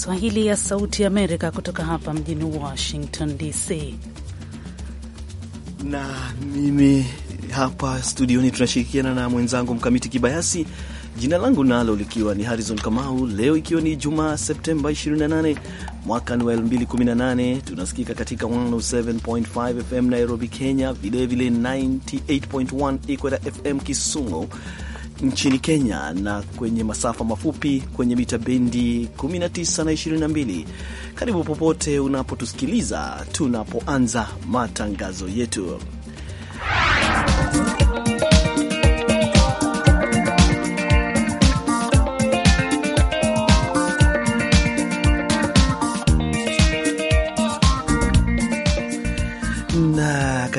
Kiswahili ya Sauti Amerika kutoka hapa mjini Washington DC, na mimi hapa studioni tunashirikiana na mwenzangu Mkamiti Kibayasi, jina langu nalo likiwa ni Harrison Kamau. Leo ikiwa ni Jumaa, Septemba 28 mwaka wa 2018, tunasikika katika 107.5 FM Nairobi, Kenya, vilevile 98.1 Ikweta FM Kisumu nchini Kenya na kwenye masafa mafupi kwenye mita bendi 19 na 22. Karibu popote unapotusikiliza tunapoanza matangazo yetu.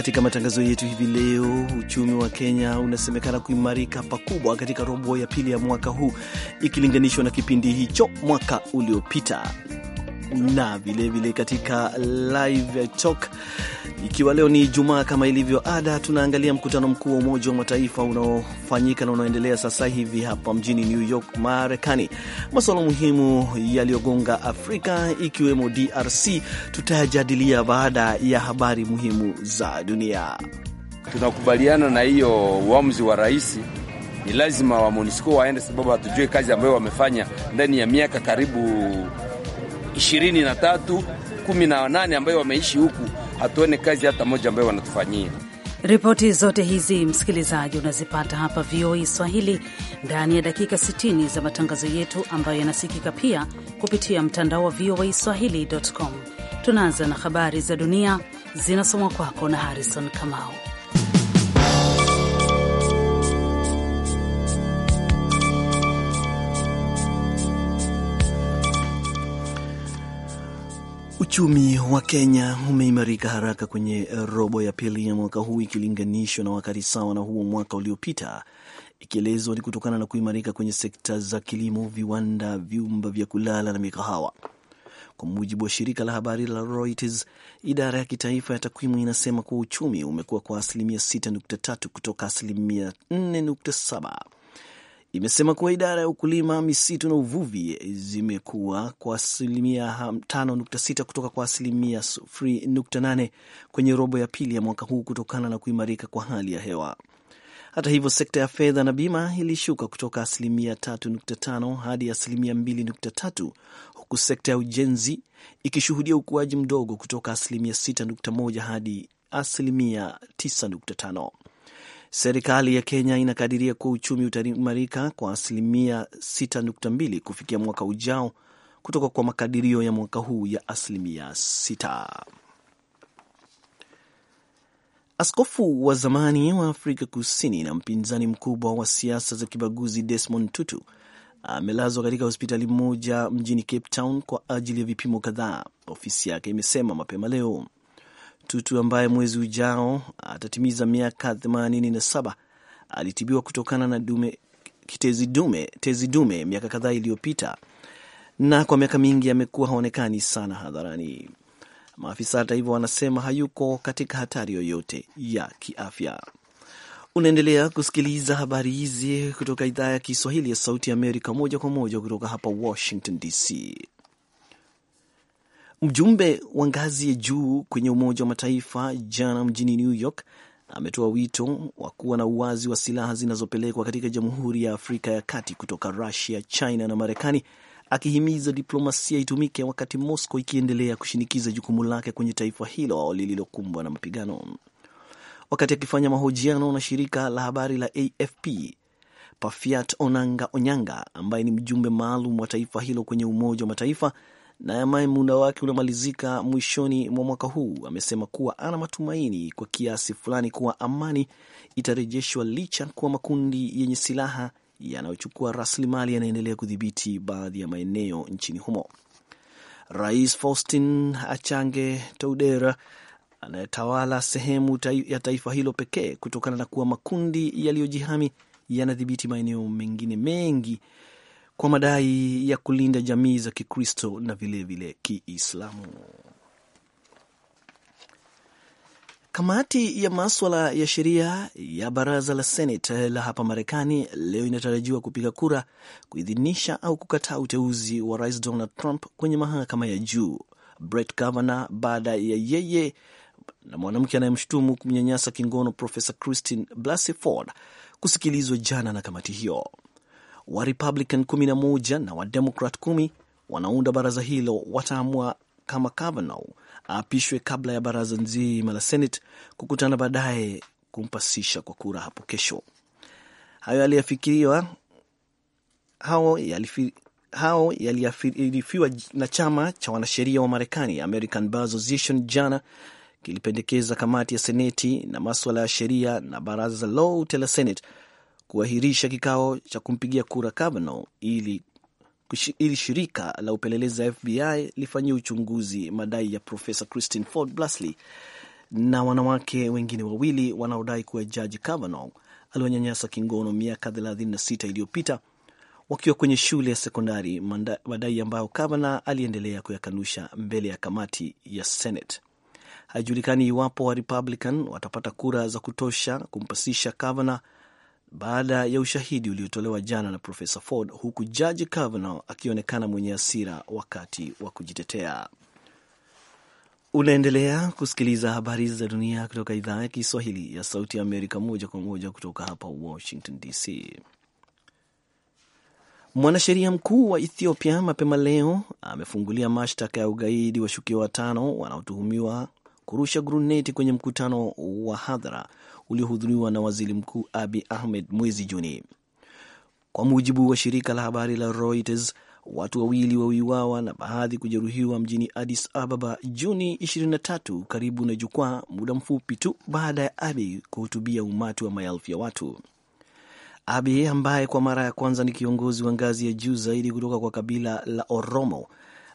Katika matangazo yetu hivi leo, uchumi wa Kenya unasemekana kuimarika pakubwa katika robo ya pili ya mwaka huu ikilinganishwa na kipindi hicho mwaka uliopita, na vilevile katika live talk ikiwa leo ni Ijumaa, kama ilivyo ada, tunaangalia mkutano mkuu wa Umoja wa Mataifa unaofanyika na unaoendelea sasa hivi hapa mjini New York, Marekani. Masuala muhimu yaliyogonga Afrika ikiwemo DRC tutayajadilia baada ya habari muhimu za dunia. Tunakubaliana na hiyo uamuzi wa rais, ni lazima wa MONUSCO waende, sababu hatujue kazi ambayo wamefanya ndani ya miaka karibu ishirini na tatu kumi na nane ambayo wameishi huku hatuone kazi hata moja ambayo wanatufanyia. Ripoti zote hizi msikilizaji, unazipata hapa VOA e Swahili ndani ya dakika 60 za matangazo yetu ambayo yanasikika pia kupitia mtandao wa VOA e Swahili.com. Tunaanza na habari za dunia zinasomwa kwako na Harrison Kamau. Uchumi wa Kenya umeimarika haraka kwenye robo ya pili ya mwaka huu ikilinganishwa na wakati sawa na huo mwaka uliopita, ikielezwa ni kutokana na kuimarika kwenye sekta za kilimo, viwanda, vyumba vya kulala na mikahawa. Kwa mujibu wa shirika la habari la Reuters, idara ya kitaifa ya takwimu inasema kuwa uchumi umekuwa kwa asilimia 6.3 kutoka asilimia 4.7 imesema kuwa idara ya ukulima, misitu na uvuvi zimekuwa kwa asilimia 5.6 kutoka kwa asilimia 0.8 kwenye robo ya pili ya mwaka huu kutokana na kuimarika kwa hali ya hewa. Hata hivyo, sekta ya fedha na bima ilishuka kutoka asilimia 3.5 hadi asilimia 2.3 huku sekta ya ujenzi ikishuhudia ukuaji mdogo kutoka asilimia 6.1 hadi asilimia 9.5. Serikali ya Kenya inakadiria kuwa uchumi utaimarika kwa asilimia 6.2 kufikia mwaka ujao kutoka kwa makadirio ya mwaka huu ya asilimia 6. Askofu wa zamani wa Afrika Kusini na mpinzani mkubwa wa siasa za kibaguzi Desmond Tutu amelazwa katika hospitali moja mjini Cape Town kwa ajili ya vipimo kadhaa, ofisi yake imesema mapema leo. Tutu ambaye mwezi ujao atatimiza miaka 87 alitibiwa kutokana na dume, kitezi dume, tezi dume miaka kadhaa iliyopita na kwa miaka mingi amekuwa haonekani sana hadharani. Maafisa hata hivyo wanasema hayuko katika hatari yoyote ya kiafya. Unaendelea kusikiliza habari hizi kutoka idhaa ya Kiswahili ya Sauti ya Amerika moja kwa moja kutoka hapa Washington DC. Mjumbe wa ngazi ya juu kwenye Umoja wa Mataifa jana mjini New York ametoa wito wa kuwa na uwazi wa silaha zinazopelekwa katika Jamhuri ya Afrika ya Kati kutoka Rusia, China na Marekani, akihimiza diplomasia itumike wakati Moscow ikiendelea kushinikiza jukumu lake kwenye taifa hilo lililokumbwa na mapigano. Wakati akifanya mahojiano na shirika la habari la AFP, Pafiat Onanga Onyanga ambaye ni mjumbe maalum wa taifa hilo kwenye Umoja wa Mataifa naye muda wake unamalizika mwishoni mwa mwaka huu, amesema kuwa ana matumaini kwa kiasi fulani kuwa amani itarejeshwa licha kuwa makundi yenye silaha yanayochukua rasilimali yanaendelea kudhibiti baadhi ya maeneo nchini humo. Rais Faustin Achange Toudera anayetawala sehemu ya taifa hilo pekee kutokana na kuwa makundi yaliyojihami yanadhibiti maeneo mengine mengi kwa madai ya kulinda jamii za Kikristo na vilevile Kiislamu. Kamati ya maswala ya sheria ya baraza la Senate la hapa Marekani leo inatarajiwa kupiga kura kuidhinisha au kukataa uteuzi wa Rais Donald Trump kwenye mahakama ya juu Brett Kavanaugh baada ya yeye na mwanamke anayemshutumu kumnyanyasa kingono Profesa Christine Blasey Ford kusikilizwa jana na kamati hiyo wa Republican 11 na wa Democrat 10 wanaunda baraza hilo wataamua kama Kavanaugh aapishwe kabla ya baraza nzima la Senate kukutana baadaye kumpasisha kwa kura hapo kesho. Hayo yaliyafikiriwa hao yalifi hao yaliarifiwa na chama cha wanasheria wa Marekani, American Bar Association, jana kilipendekeza kamati ya seneti na maswala ya sheria na baraza Law la Senate kuahirisha kikao cha kumpigia kura Kavanaugh ili, ili shirika la upelelezi la FBI lifanyie uchunguzi madai ya Profesa Christine Ford blasly na wanawake wengine wawili wanaodai kuwa Jaji Kavanaugh aliwanyanyasa kingono miaka 36 iliyopita wakiwa kwenye shule ya sekondari, madai ambayo Kavanaugh aliendelea kuyakanusha mbele ya kamati ya Senate. Haijulikani iwapo wa Republican watapata kura za kutosha kumpasisha Kavanaugh baada ya ushahidi uliotolewa jana na Profesa Ford, huku jaji Kavanaugh akionekana mwenye hasira wakati wa kujitetea. Unaendelea kusikiliza habari za dunia kutoka idhaa ya Kiswahili ya Sauti ya Amerika, moja kwa moja kutoka hapa Washington DC. Mwanasheria mkuu wa Ethiopia mapema leo amefungulia mashtaka ya ugaidi washukiwa watano wanaotuhumiwa kurusha gruneti kwenye mkutano wa hadhara uliohudhuriwa na waziri mkuu Abi Ahmed mwezi Juni. Kwa mujibu wa shirika la habari la Reuters, watu wawili wawiwawa na baadhi kujeruhiwa mjini Addis Ababa Juni 23 karibu na jukwaa, muda mfupi tu baada ya Abi kuhutubia umati wa maelfu ya watu. Abi ambaye kwa mara ya kwanza ni kiongozi wa ngazi ya juu zaidi kutoka kwa kabila la Oromo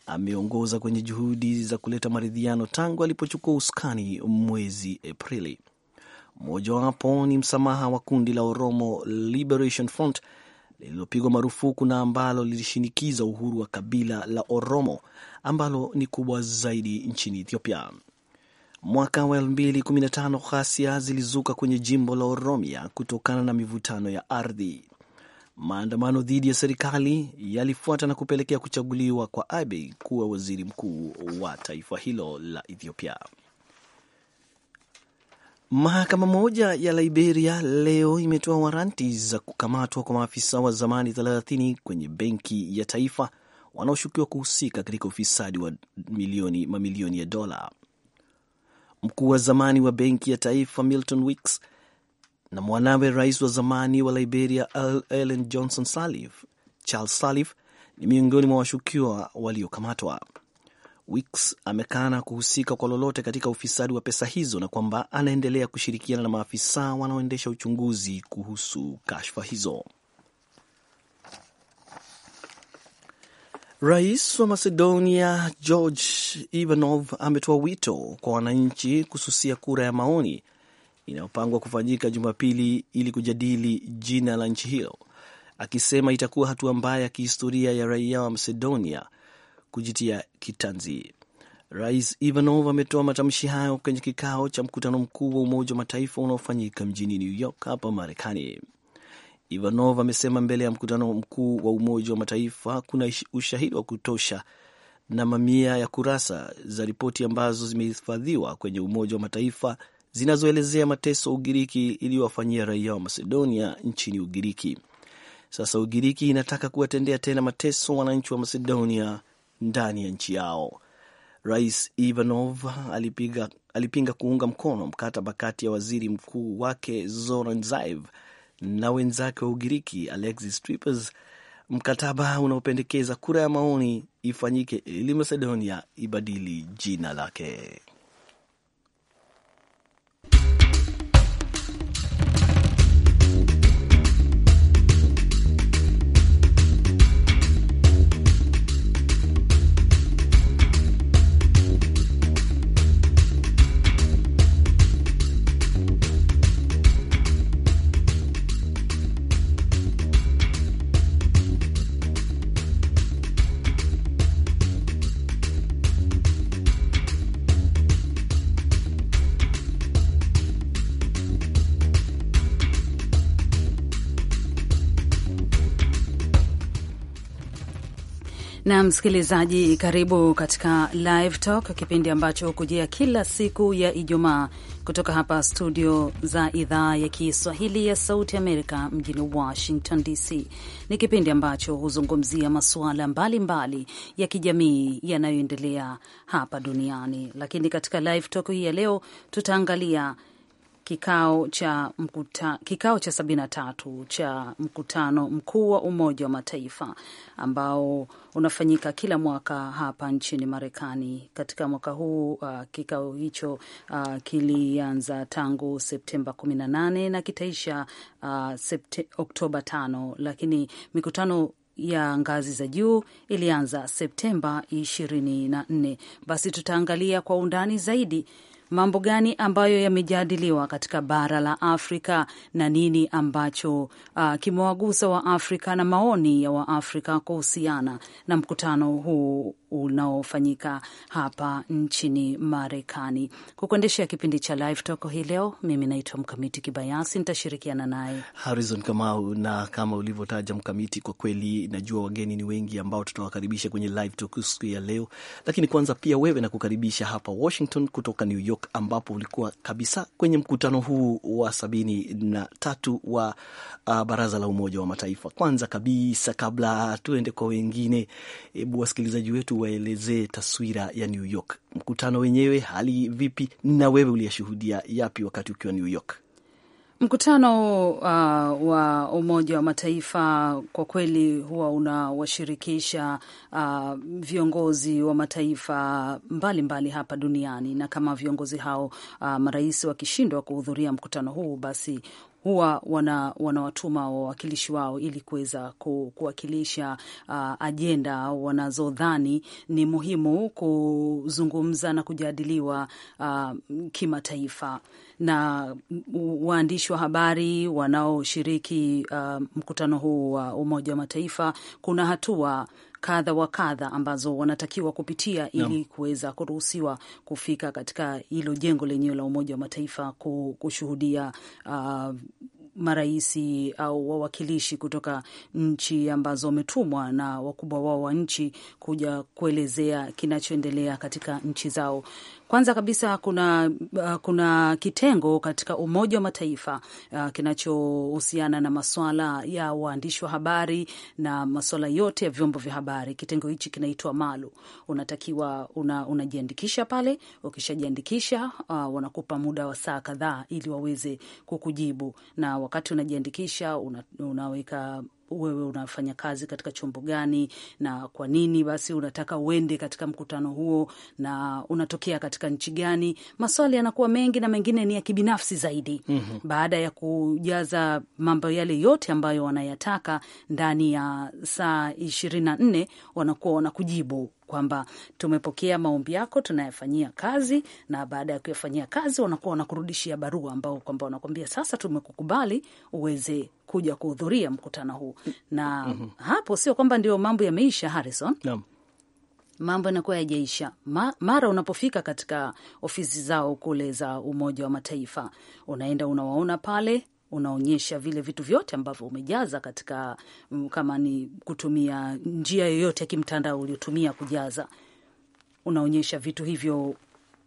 ameongoza kwenye juhudi za kuleta maridhiano tangu alipochukua usukani mwezi Aprili. Mojawapo ni msamaha wa kundi la Oromo Liberation Front lililopigwa marufuku na ambalo lilishinikiza uhuru wa kabila la Oromo ambalo ni kubwa zaidi nchini Ethiopia. Mwaka wa 2015 ghasia zilizuka kwenye jimbo la Oromia kutokana na mivutano ya ardhi. Maandamano dhidi ya serikali yalifuata na kupelekea kuchaguliwa kwa Abiy kuwa waziri mkuu wa taifa hilo la Ethiopia. Mahakama moja ya Liberia leo imetoa waranti za kukamatwa kwa maafisa wa zamani 30 kwenye benki ya taifa wanaoshukiwa kuhusika katika ufisadi wa milioni, mamilioni ya dola. Mkuu wa zamani wa benki ya taifa Milton Weeks na mwanawe rais wa zamani wa Liberia Ellen Johnson Sirleaf, Charles Sirleaf ni miongoni mwa washukiwa waliokamatwa. Weeks amekana kuhusika kwa lolote katika ufisadi wa pesa hizo na kwamba anaendelea kushirikiana na maafisa wanaoendesha uchunguzi kuhusu kashfa hizo. Rais wa Macedonia George Ivanov ametoa wito kwa wananchi kususia kura ya maoni inayopangwa kufanyika Jumapili ili kujadili jina la nchi hiyo, akisema itakuwa hatua mbaya ya kihistoria ya raia wa Macedonia kujitia kitanzi. Rais Ivanov ametoa matamshi hayo kwenye kikao cha mkutano mkuu wa Umoja wa Mataifa unaofanyika mjini New York hapa Marekani. Ivanov amesema mbele ya mkutano mkuu wa Umoja wa Mataifa kuna ushahidi wa kutosha na mamia ya kurasa za ripoti ambazo zimehifadhiwa kwenye Umoja wa Mataifa zinazoelezea mateso Ugiriki iliyowafanyia raia wa Macedonia nchini Ugiriki. Sasa Ugiriki inataka kuwatendea tena mateso wananchi wa Macedonia ndani ya nchi yao. Rais Ivanov alipiga, alipinga kuunga mkono mkataba kati ya waziri mkuu wake Zoran Zaev na wenzake wa Ugiriki Alexis Tsipras, mkataba unaopendekeza kura ya maoni ifanyike ili Macedonia ibadili jina lake. Na msikilizaji, karibu katika Live Talk, kipindi ambacho hukujia kila siku ya Ijumaa kutoka hapa studio za idhaa ya Kiswahili ya Sauti Amerika mjini Washington DC. Ni kipindi ambacho huzungumzia masuala mbalimbali ya kijamii yanayoendelea hapa duniani, lakini katika Live Talk hii ya leo tutaangalia kikao cha mkuta, kikao cha sabini na tatu cha mkutano mkuu wa Umoja wa Mataifa ambao unafanyika kila mwaka hapa nchini Marekani. Katika mwaka huu uh, kikao hicho uh, kilianza tangu Septemba 18 na kitaisha uh, Oktoba 5, lakini mikutano ya ngazi za juu ilianza Septemba 24. Basi tutaangalia kwa undani zaidi mambo gani ambayo yamejadiliwa katika bara la Afrika na nini ambacho uh, kimewagusa Waafrika na maoni ya Waafrika kuhusiana na mkutano huu unaofanyika hapa nchini Marekani. Kukuendeshea kipindi cha Live Talk hii leo, mimi naitwa Mkamiti Kibayasi, nitashirikiana naye Harrison Kamau. Na kama ulivyotaja Mkamiti, kwa kweli najua wageni ni wengi ambao tutawakaribisha kwenye Live Talk siku ya leo, lakini kwanza pia wewe nakukaribisha hapa Washington kutoka New York York ambapo ulikuwa kabisa kwenye mkutano huu wa sabini na tatu wa uh, baraza la Umoja wa Mataifa. Kwanza kabisa kabla tuende kwa wengine, hebu wasikilizaji wetu waelezee taswira ya New York, mkutano wenyewe hali vipi, na wewe uliyashuhudia yapi wakati ukiwa New York? Mkutano uh, wa Umoja wa Mataifa kwa kweli huwa unawashirikisha uh, viongozi wa mataifa mbalimbali mbali hapa duniani, na kama viongozi hao uh, marais wakishindwa kuhudhuria mkutano huu basi huwa wana, wanawatuma wawakilishi wao ili kuweza ku, kuwakilisha uh, ajenda wanazodhani ni muhimu kuzungumza na kujadiliwa uh, kimataifa na waandishi wa habari wanaoshiriki uh, mkutano huu wa Umoja wa Mataifa, kuna hatua kadha wa kadha ambazo wanatakiwa kupitia ili kuweza kuruhusiwa kufika katika hilo jengo lenyewe la Umoja wa Mataifa kushuhudia uh, maraisi au wawakilishi kutoka nchi ambazo wametumwa na wakubwa wao wa nchi kuja kuelezea kinachoendelea katika nchi zao. Kwanza kabisa kuna, uh, kuna kitengo katika Umoja wa Mataifa uh, kinachohusiana na maswala ya waandishi wa habari na maswala yote ya vyombo vya habari. Kitengo hichi kinaitwa Malu. Unatakiwa una, unajiandikisha pale. Ukishajiandikisha uh, wanakupa muda wa saa kadhaa ili waweze kukujibu, na wakati unajiandikisha una, unaweka wewe unafanya kazi katika chombo gani na kwa nini basi unataka uende katika mkutano huo na unatokea katika nchi gani. Maswali yanakuwa mengi na mengine ni ya kibinafsi zaidi. mm -hmm. Baada ya kujaza mambo yale yote ambayo wanayataka ndani ya saa ishirini na nne wanakuwa wanakujibu kwamba tumepokea maombi yako, tunayafanyia kazi, na baada ya kuyafanyia kazi wanakuwa wanakurudishia barua ambao kwamba wanakuambia sasa tumekukubali uweze kuja kuhudhuria mkutano huu na mm -hmm. Hapo sio kwamba ndio mambo yameisha, Harrison no. Mambo yanakuwa yajaisha. Ma, mara unapofika katika ofisi zao kule za Umoja wa Mataifa, unaenda unawaona pale unaonyesha vile vitu vyote ambavyo umejaza katika mm, kama ni kutumia njia yoyote ya kimtandao uliotumia kujaza, unaonyesha vitu hivyo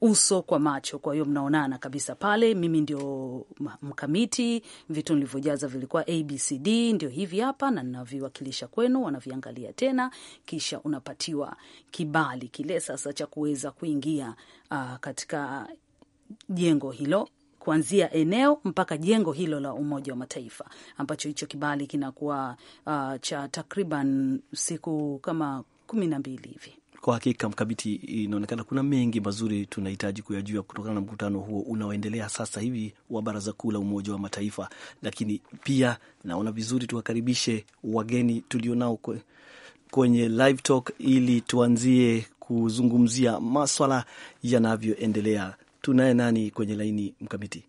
uso kwa macho. Kwa hiyo mnaonana kabisa pale. Mimi ndio mkamiti, vitu nilivyojaza vilikuwa abcd ndio hivi hapa, na ninaviwakilisha kwenu. Wanaviangalia tena, kisha unapatiwa kibali kile sasa cha kuweza kuingia uh, katika jengo hilo kuanzia eneo mpaka jengo hilo la Umoja wa Mataifa, ambacho hicho kibali kinakuwa uh, cha takriban siku kama kumi na mbili hivi. Kwa hakika Mkabiti, inaonekana kuna mengi mazuri tunahitaji kuyajua kutokana na mkutano huo unaoendelea sasa hivi wa Baraza Kuu la Umoja wa Mataifa, lakini pia naona vizuri tuwakaribishe wageni tulionao kwenye live talk ili tuanzie kuzungumzia maswala yanavyoendelea tunaye nani kwenye laini mkamiti?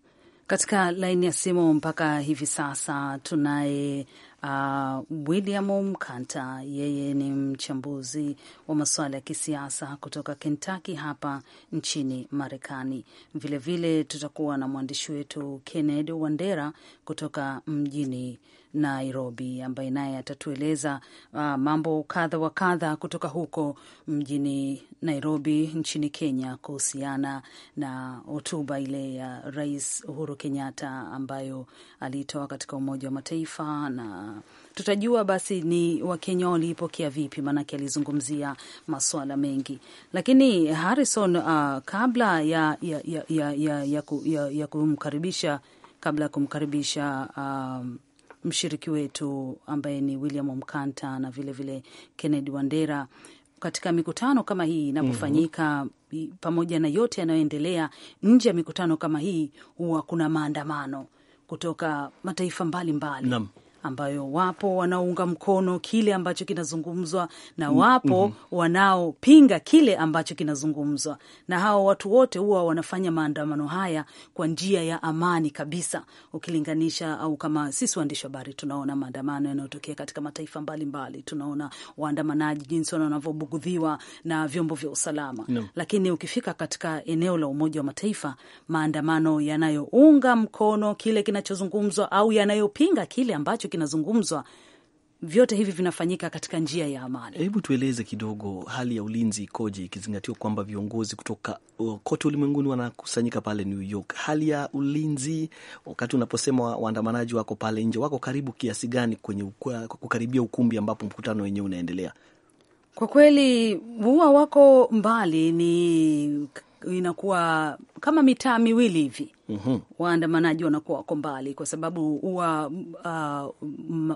Katika laini ya simu mpaka hivi sasa tunaye uh, William Mkanta. Yeye ni mchambuzi wa masuala ya kisiasa kutoka Kentucky hapa nchini Marekani. Vilevile tutakuwa na mwandishi wetu kenned Wandera kutoka mjini Nairobi, ambaye naye atatueleza uh, mambo kadha wa kadha kutoka huko mjini Nairobi nchini Kenya kuhusiana na hotuba ile ya Rais Uhuru Kenyatta ambayo aliitoa katika Umoja wa Mataifa, na tutajua basi ni Wakenya waliipokea vipi, maanake alizungumzia masuala mengi. Lakini Harrison, uh, kabla ya, ya, ya, ya, ya, ya, ya, ya kumkaribisha kabla ya kumkaribisha um, mshiriki wetu ambaye ni William Mkanta na vilevile Kennedy Wandera katika mikutano kama hii inapofanyika, mm -hmm. pamoja na yote yanayoendelea nje ya mikutano kama hii, huwa kuna maandamano kutoka mataifa mbalimbali mbali ambayo wapo wanaounga mkono kile ambacho kinazungumzwa na mm, wapo mm -hmm. wanaopinga kile ambacho kinazungumzwa, na hao watu wote huwa wanafanya maandamano haya kwa njia ya amani kabisa, ukilinganisha au kama sisi waandishi habari tunaona maandamano yanayotokea katika mataifa mbalimbali mbali. Tunaona waandamanaji jinsi wanavyobugudhiwa na vyombo vya usalama no. Lakini ukifika katika eneo la Umoja wa Mataifa, maandamano yanayounga mkono kile kinachozungumzwa au yanayopinga kile ambacho kinazungumzwa vyote hivi vinafanyika katika njia ya amani. Hebu tueleze kidogo hali ya ulinzi ikoje, ikizingatiwa kwamba viongozi kutoka uh, kote ulimwenguni wanakusanyika pale New York. Hali ya ulinzi, wakati unaposema waandamanaji wako pale nje, wako karibu kiasi gani kwenye kukaribia ukumbi ambapo mkutano wenyewe unaendelea? Kwa kweli huwa wako mbali, ni inakuwa kama mitaa miwili hivi mhm. Waandamanaji wanakuwa wako mbali, kwa sababu huwa uh,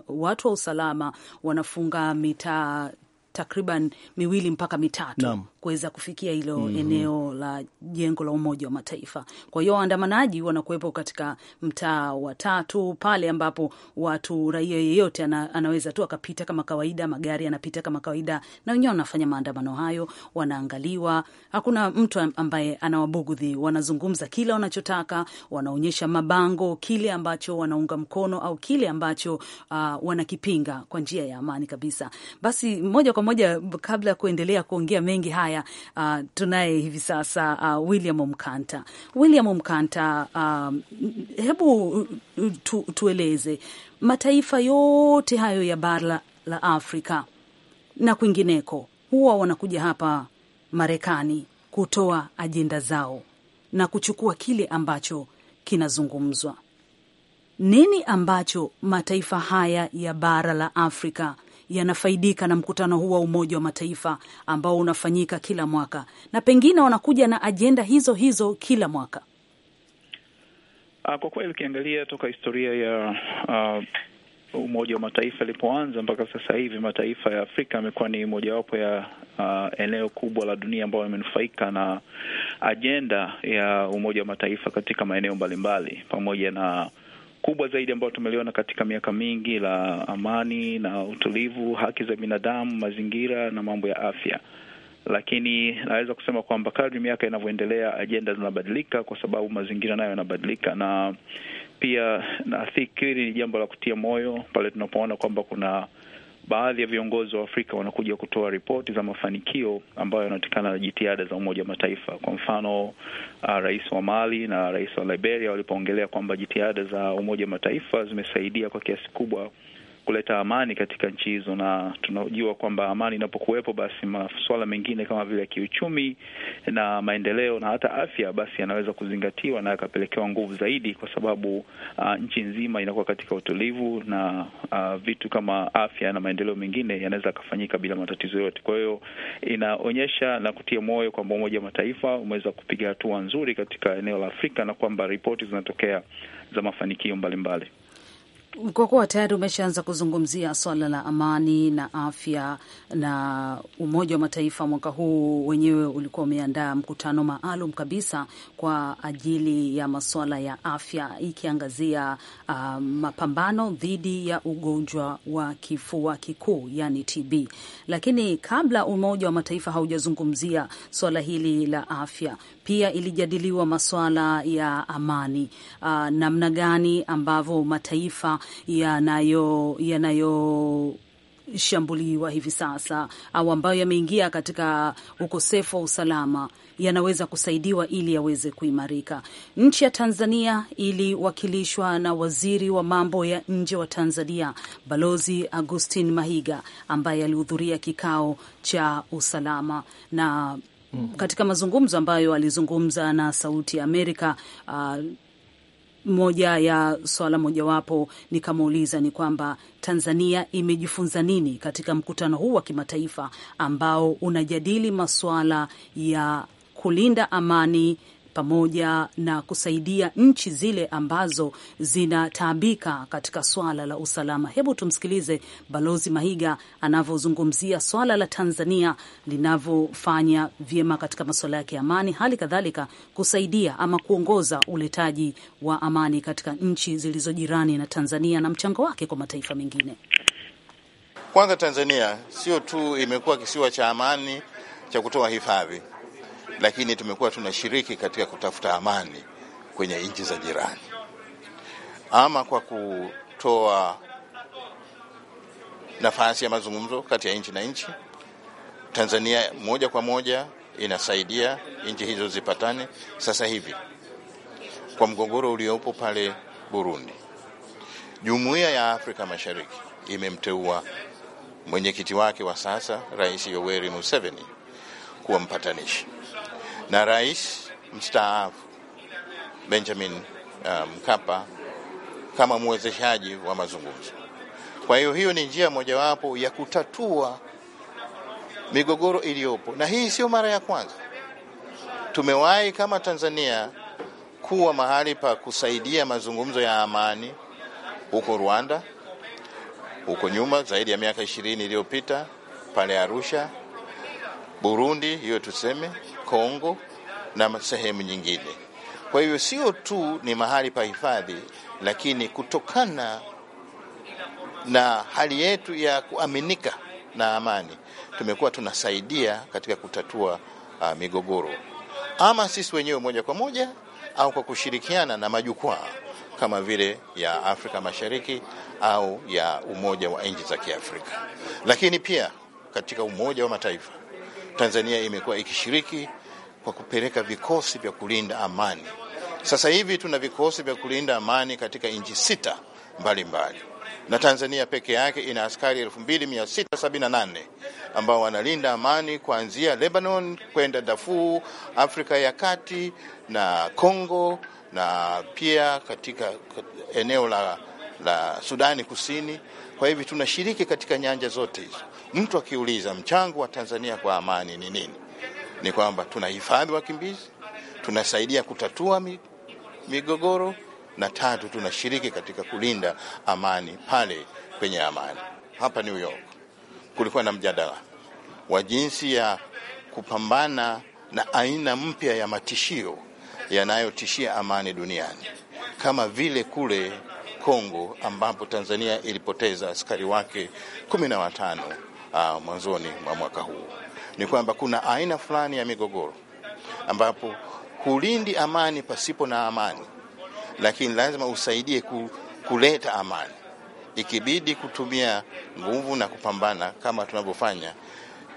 watu wa usalama wanafunga mitaa takriban miwili mpaka mitatu kuweza kufikia hilo mm -hmm. eneo la jengo la Umoja wa Mataifa. Kwa hiyo waandamanaji wanakuwepo katika mtaa wa tatu pale ambapo watu raia yeyote ana, anaweza tu akapita kama kawaida, magari yanapita kama kawaida, na wenyewe wanafanya maandamano hayo, wanaangaliwa. Hakuna mtu ambaye anawabugudhi, wanazungumza kile wanachotaka, wanaonyesha mabango kile ambacho wanaunga mkono au kile ambacho uh, wanakipinga kwa njia ya amani kabisa. Basi moja kwa moja, kabla ya kuendelea kuongea mengi haya, uh, tunaye hivi sasa uh, William Mkanta. William Mkanta, um, uh, hebu tu, tueleze mataifa yote hayo ya bara la Afrika na kwingineko huwa wanakuja hapa Marekani kutoa ajenda zao na kuchukua kile ambacho kinazungumzwa. Nini ambacho mataifa haya ya bara la Afrika yanafaidika na mkutano huu wa Umoja wa Mataifa ambao unafanyika kila mwaka, na pengine wanakuja na ajenda hizo hizo kila mwaka? Ah, kwa kweli ukiangalia toka historia ya uh, Umoja wa Mataifa ilipoanza mpaka sasa hivi, mataifa ya Afrika yamekuwa ni mojawapo ya uh, eneo kubwa la dunia ambayo yamenufaika na ajenda ya Umoja wa Mataifa katika maeneo mbalimbali, pamoja na kubwa zaidi ambayo tumeliona katika miaka mingi la amani na utulivu, haki za binadamu, mazingira na mambo ya afya. Lakini naweza kusema kwamba kadri miaka inavyoendelea, ajenda zinabadilika kwa sababu mazingira nayo yanabadilika, na pia nafikiri ni jambo la kutia moyo pale tunapoona kwamba kuna baadhi ya viongozi wa Afrika wanakuja kutoa ripoti za mafanikio ambayo yanatokana na jitihada za Umoja wa Mataifa. Kwa mfano, uh, rais wa Mali na rais wa Liberia walipoongelea kwamba jitihada za Umoja wa Mataifa zimesaidia kwa kiasi kubwa kuleta amani katika nchi hizo, na tunajua kwamba amani inapokuwepo, basi masuala mengine kama vile kiuchumi na maendeleo na hata afya, basi yanaweza kuzingatiwa na yakapelekewa nguvu zaidi, kwa sababu uh, nchi nzima inakuwa katika utulivu na uh, vitu kama afya na maendeleo mengine yanaweza akafanyika bila matatizo yote. Kwa hiyo inaonyesha na kutia moyo kwamba Umoja wa Mataifa umeweza kupiga hatua nzuri katika eneo la Afrika na kwamba ripoti zinatokea za mafanikio mbalimbali mbali kwa kuwa tayari umeshaanza kuzungumzia swala la amani na afya, na Umoja wa Mataifa mwaka huu wenyewe ulikuwa umeandaa mkutano maalum kabisa kwa ajili ya masuala ya afya, ikiangazia uh, mapambano dhidi ya ugonjwa wa kifua kikuu, yani TB. Lakini kabla Umoja wa Mataifa haujazungumzia swala hili la afya, pia ilijadiliwa masuala ya amani, uh, namna gani ambavyo mataifa yanayo yanayo shambuliwa hivi sasa au ambayo yameingia katika ukosefu wa usalama yanaweza kusaidiwa ili yaweze kuimarika. Nchi ya Tanzania iliwakilishwa na waziri wa mambo ya nje wa Tanzania, Balozi Augustin Mahiga, ambaye alihudhuria kikao cha usalama na Mm. katika mazungumzo ambayo alizungumza na Sauti ya Amerika uh, moja ya swala mojawapo nikamuuliza ni kwamba Tanzania imejifunza nini katika mkutano huu wa kimataifa ambao unajadili masuala ya kulinda amani pamoja na kusaidia nchi zile ambazo zinataabika katika swala la usalama. Hebu tumsikilize Balozi Mahiga anavyozungumzia swala la Tanzania linavyofanya vyema katika masuala yake ya amani, hali kadhalika kusaidia ama kuongoza uletaji wa amani katika nchi zilizo jirani na Tanzania na mchango wake kwa mataifa mengine. Kwanza, Tanzania sio tu imekuwa kisiwa cha amani cha kutoa hifadhi lakini tumekuwa tunashiriki katika kutafuta amani kwenye nchi za jirani, ama kwa kutoa nafasi ya mazungumzo kati ya nchi na nchi. Tanzania moja kwa moja inasaidia nchi hizo zipatane. Sasa hivi kwa mgogoro uliopo pale Burundi, Jumuiya ya Afrika Mashariki imemteua mwenyekiti wake wa sasa Rais Yoweri Museveni kuwa mpatanishi na rais mstaafu Benjamin um, Mkapa um, kama mwezeshaji wa mazungumzo. Kwa hiyo hiyo ni njia mojawapo ya kutatua migogoro iliyopo, na hii sio mara ya kwanza. Tumewahi kama Tanzania kuwa mahali pa kusaidia mazungumzo ya amani huko Rwanda, huko nyuma zaidi ya miaka ishirini iliyopita pale Arusha, Burundi hiyo tuseme Kongo na sehemu nyingine. Kwa hivyo sio tu ni mahali pa hifadhi, lakini kutokana na hali yetu ya kuaminika na amani, tumekuwa tunasaidia katika kutatua uh, migogoro ama sisi wenyewe moja kwa moja au kwa kushirikiana na majukwaa kama vile ya Afrika Mashariki au ya Umoja wa nchi za Kiafrika, lakini pia katika Umoja wa Mataifa. Tanzania imekuwa ikishiriki kwa kupeleka vikosi vya kulinda amani. Sasa hivi tuna vikosi vya kulinda amani katika nchi sita mbalimbali mbali. Na Tanzania peke yake ina askari 2678 ambao wanalinda amani kuanzia Lebanon kwenda Darfur, Afrika ya Kati na Kongo na pia katika eneo la, la Sudani Kusini kwa hivyo tunashiriki katika nyanja zote hizo. Mtu akiuliza mchango wa Tanzania kwa amani ni nini, ni kwamba tunahifadhi wakimbizi, tunasaidia kutatua migogoro, na tatu, tunashiriki katika kulinda amani pale kwenye amani. Hapa New York kulikuwa na mjadala wa jinsi ya kupambana na aina mpya ya matishio yanayotishia amani duniani kama vile kule Kongo ambapo Tanzania ilipoteza askari wake kumi na watano uh, mwanzoni mwa mwaka huu. Ni kwamba kuna aina fulani ya migogoro ambapo hulindi amani pasipo na amani, lakini lazima usaidie ku, kuleta amani, ikibidi kutumia nguvu na kupambana kama tunavyofanya.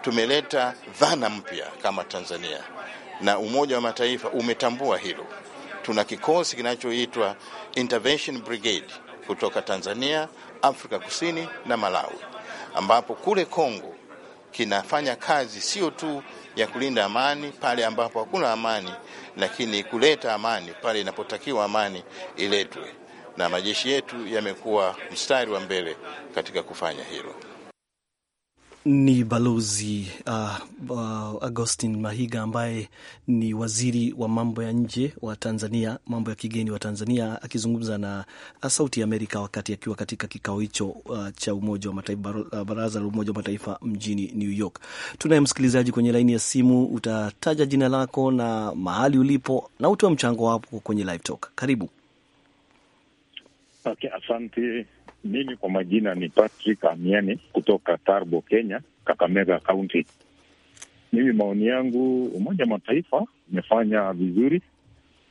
Tumeleta dhana mpya kama Tanzania na Umoja wa Mataifa umetambua hilo. Tuna kikosi kinachoitwa Intervention Brigade kutoka Tanzania, Afrika Kusini na Malawi, ambapo kule Kongo kinafanya kazi sio tu ya kulinda amani pale ambapo hakuna amani, lakini kuleta amani pale inapotakiwa amani iletwe, na majeshi yetu yamekuwa mstari wa mbele katika kufanya hilo ni Balozi uh, uh, Augustin Mahiga ambaye ni waziri wa mambo ya nje wa Tanzania, mambo ya kigeni wa Tanzania, akizungumza na uh, Sauti ya Amerika wakati akiwa katika kikao hicho uh, cha Umoja wa Mataifa, uh, Baraza la Umoja wa Mataifa mjini New York. Tunaye msikilizaji kwenye laini ya simu, utataja jina lako na mahali ulipo na utoe mchango wako kwenye Live Talk. Karibu. Okay, asante. Mimi kwa majina ni Patrick Amiani kutoka Tarbo, Kenya, Kakamega Kaunti. Mimi maoni yangu, Umoja wa Mataifa umefanya vizuri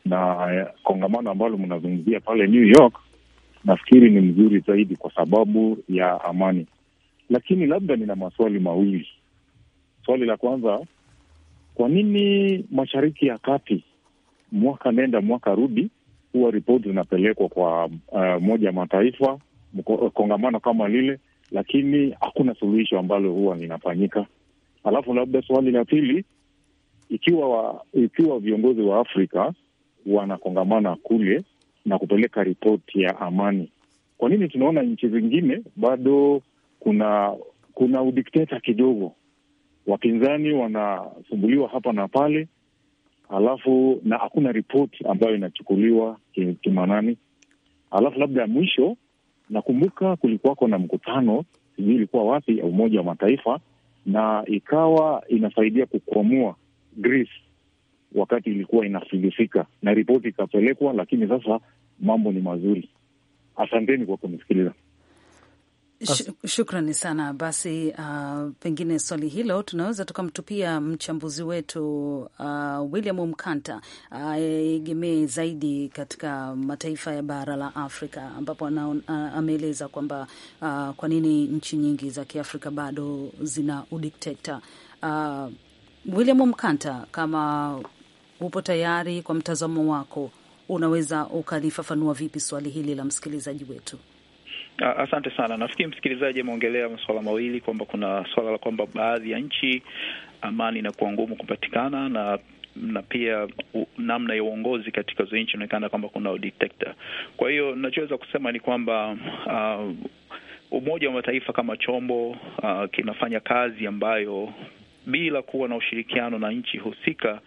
na eh, kongamano ambalo mnazungumzia pale New York nafikiri ni mzuri zaidi kwa sababu ya amani, lakini labda nina maswali mawili. Swali la kwanza, kwa nini Mashariki ya Kati mwaka nenda mwaka rudi huwa ripoti zinapelekwa kwa uh, eh, moja mataifa kongamano kama lile, lakini hakuna suluhisho ambalo huwa linafanyika. Alafu labda swali la pili, ikiwa wa, ikiwa viongozi wa Afrika wanakongamana kule na kupeleka ripoti ya amani, kwa nini tunaona nchi zingine bado kuna kuna udikteta kidogo? Wapinzani wanasumbuliwa hapa na pale, alafu na hakuna ripoti ambayo inachukuliwa kimanani. Alafu labda ya mwisho Nakumbuka kulikuwako na mkutano, sijui ilikuwa wapi, ya Umoja wa Mataifa, na ikawa inasaidia kukwamua Greece wakati ilikuwa inafilisika, na ripoti ikapelekwa, lakini sasa mambo ni mazuri. Asanteni kwa kumsikiliza shukrani sana basi. Uh, pengine swali hilo tunaweza tukamtupia mchambuzi wetu uh, William Mkanta aegemee uh, zaidi katika mataifa ya bara la Afrika ambapo uh, ameeleza kwamba uh, kwa nini nchi nyingi za Kiafrika bado zina udikteta. Uh, William Mkanta, kama upo tayari, kwa mtazamo wako unaweza ukalifafanua vipi swali hili la msikilizaji wetu? Asante sana. Nafikiri msikilizaji ameongelea masuala mawili, kwamba kuna swala la kwamba baadhi ya nchi amani inakuwa ngumu kupatikana na na pia u, namna ya uongozi katika hizo nchi inaonekana kwamba kuna udikteta. Kwa hiyo nachoweza kusema ni kwamba uh, Umoja wa Mataifa kama chombo uh, kinafanya kazi ambayo bila kuwa na ushirikiano na nchi husika,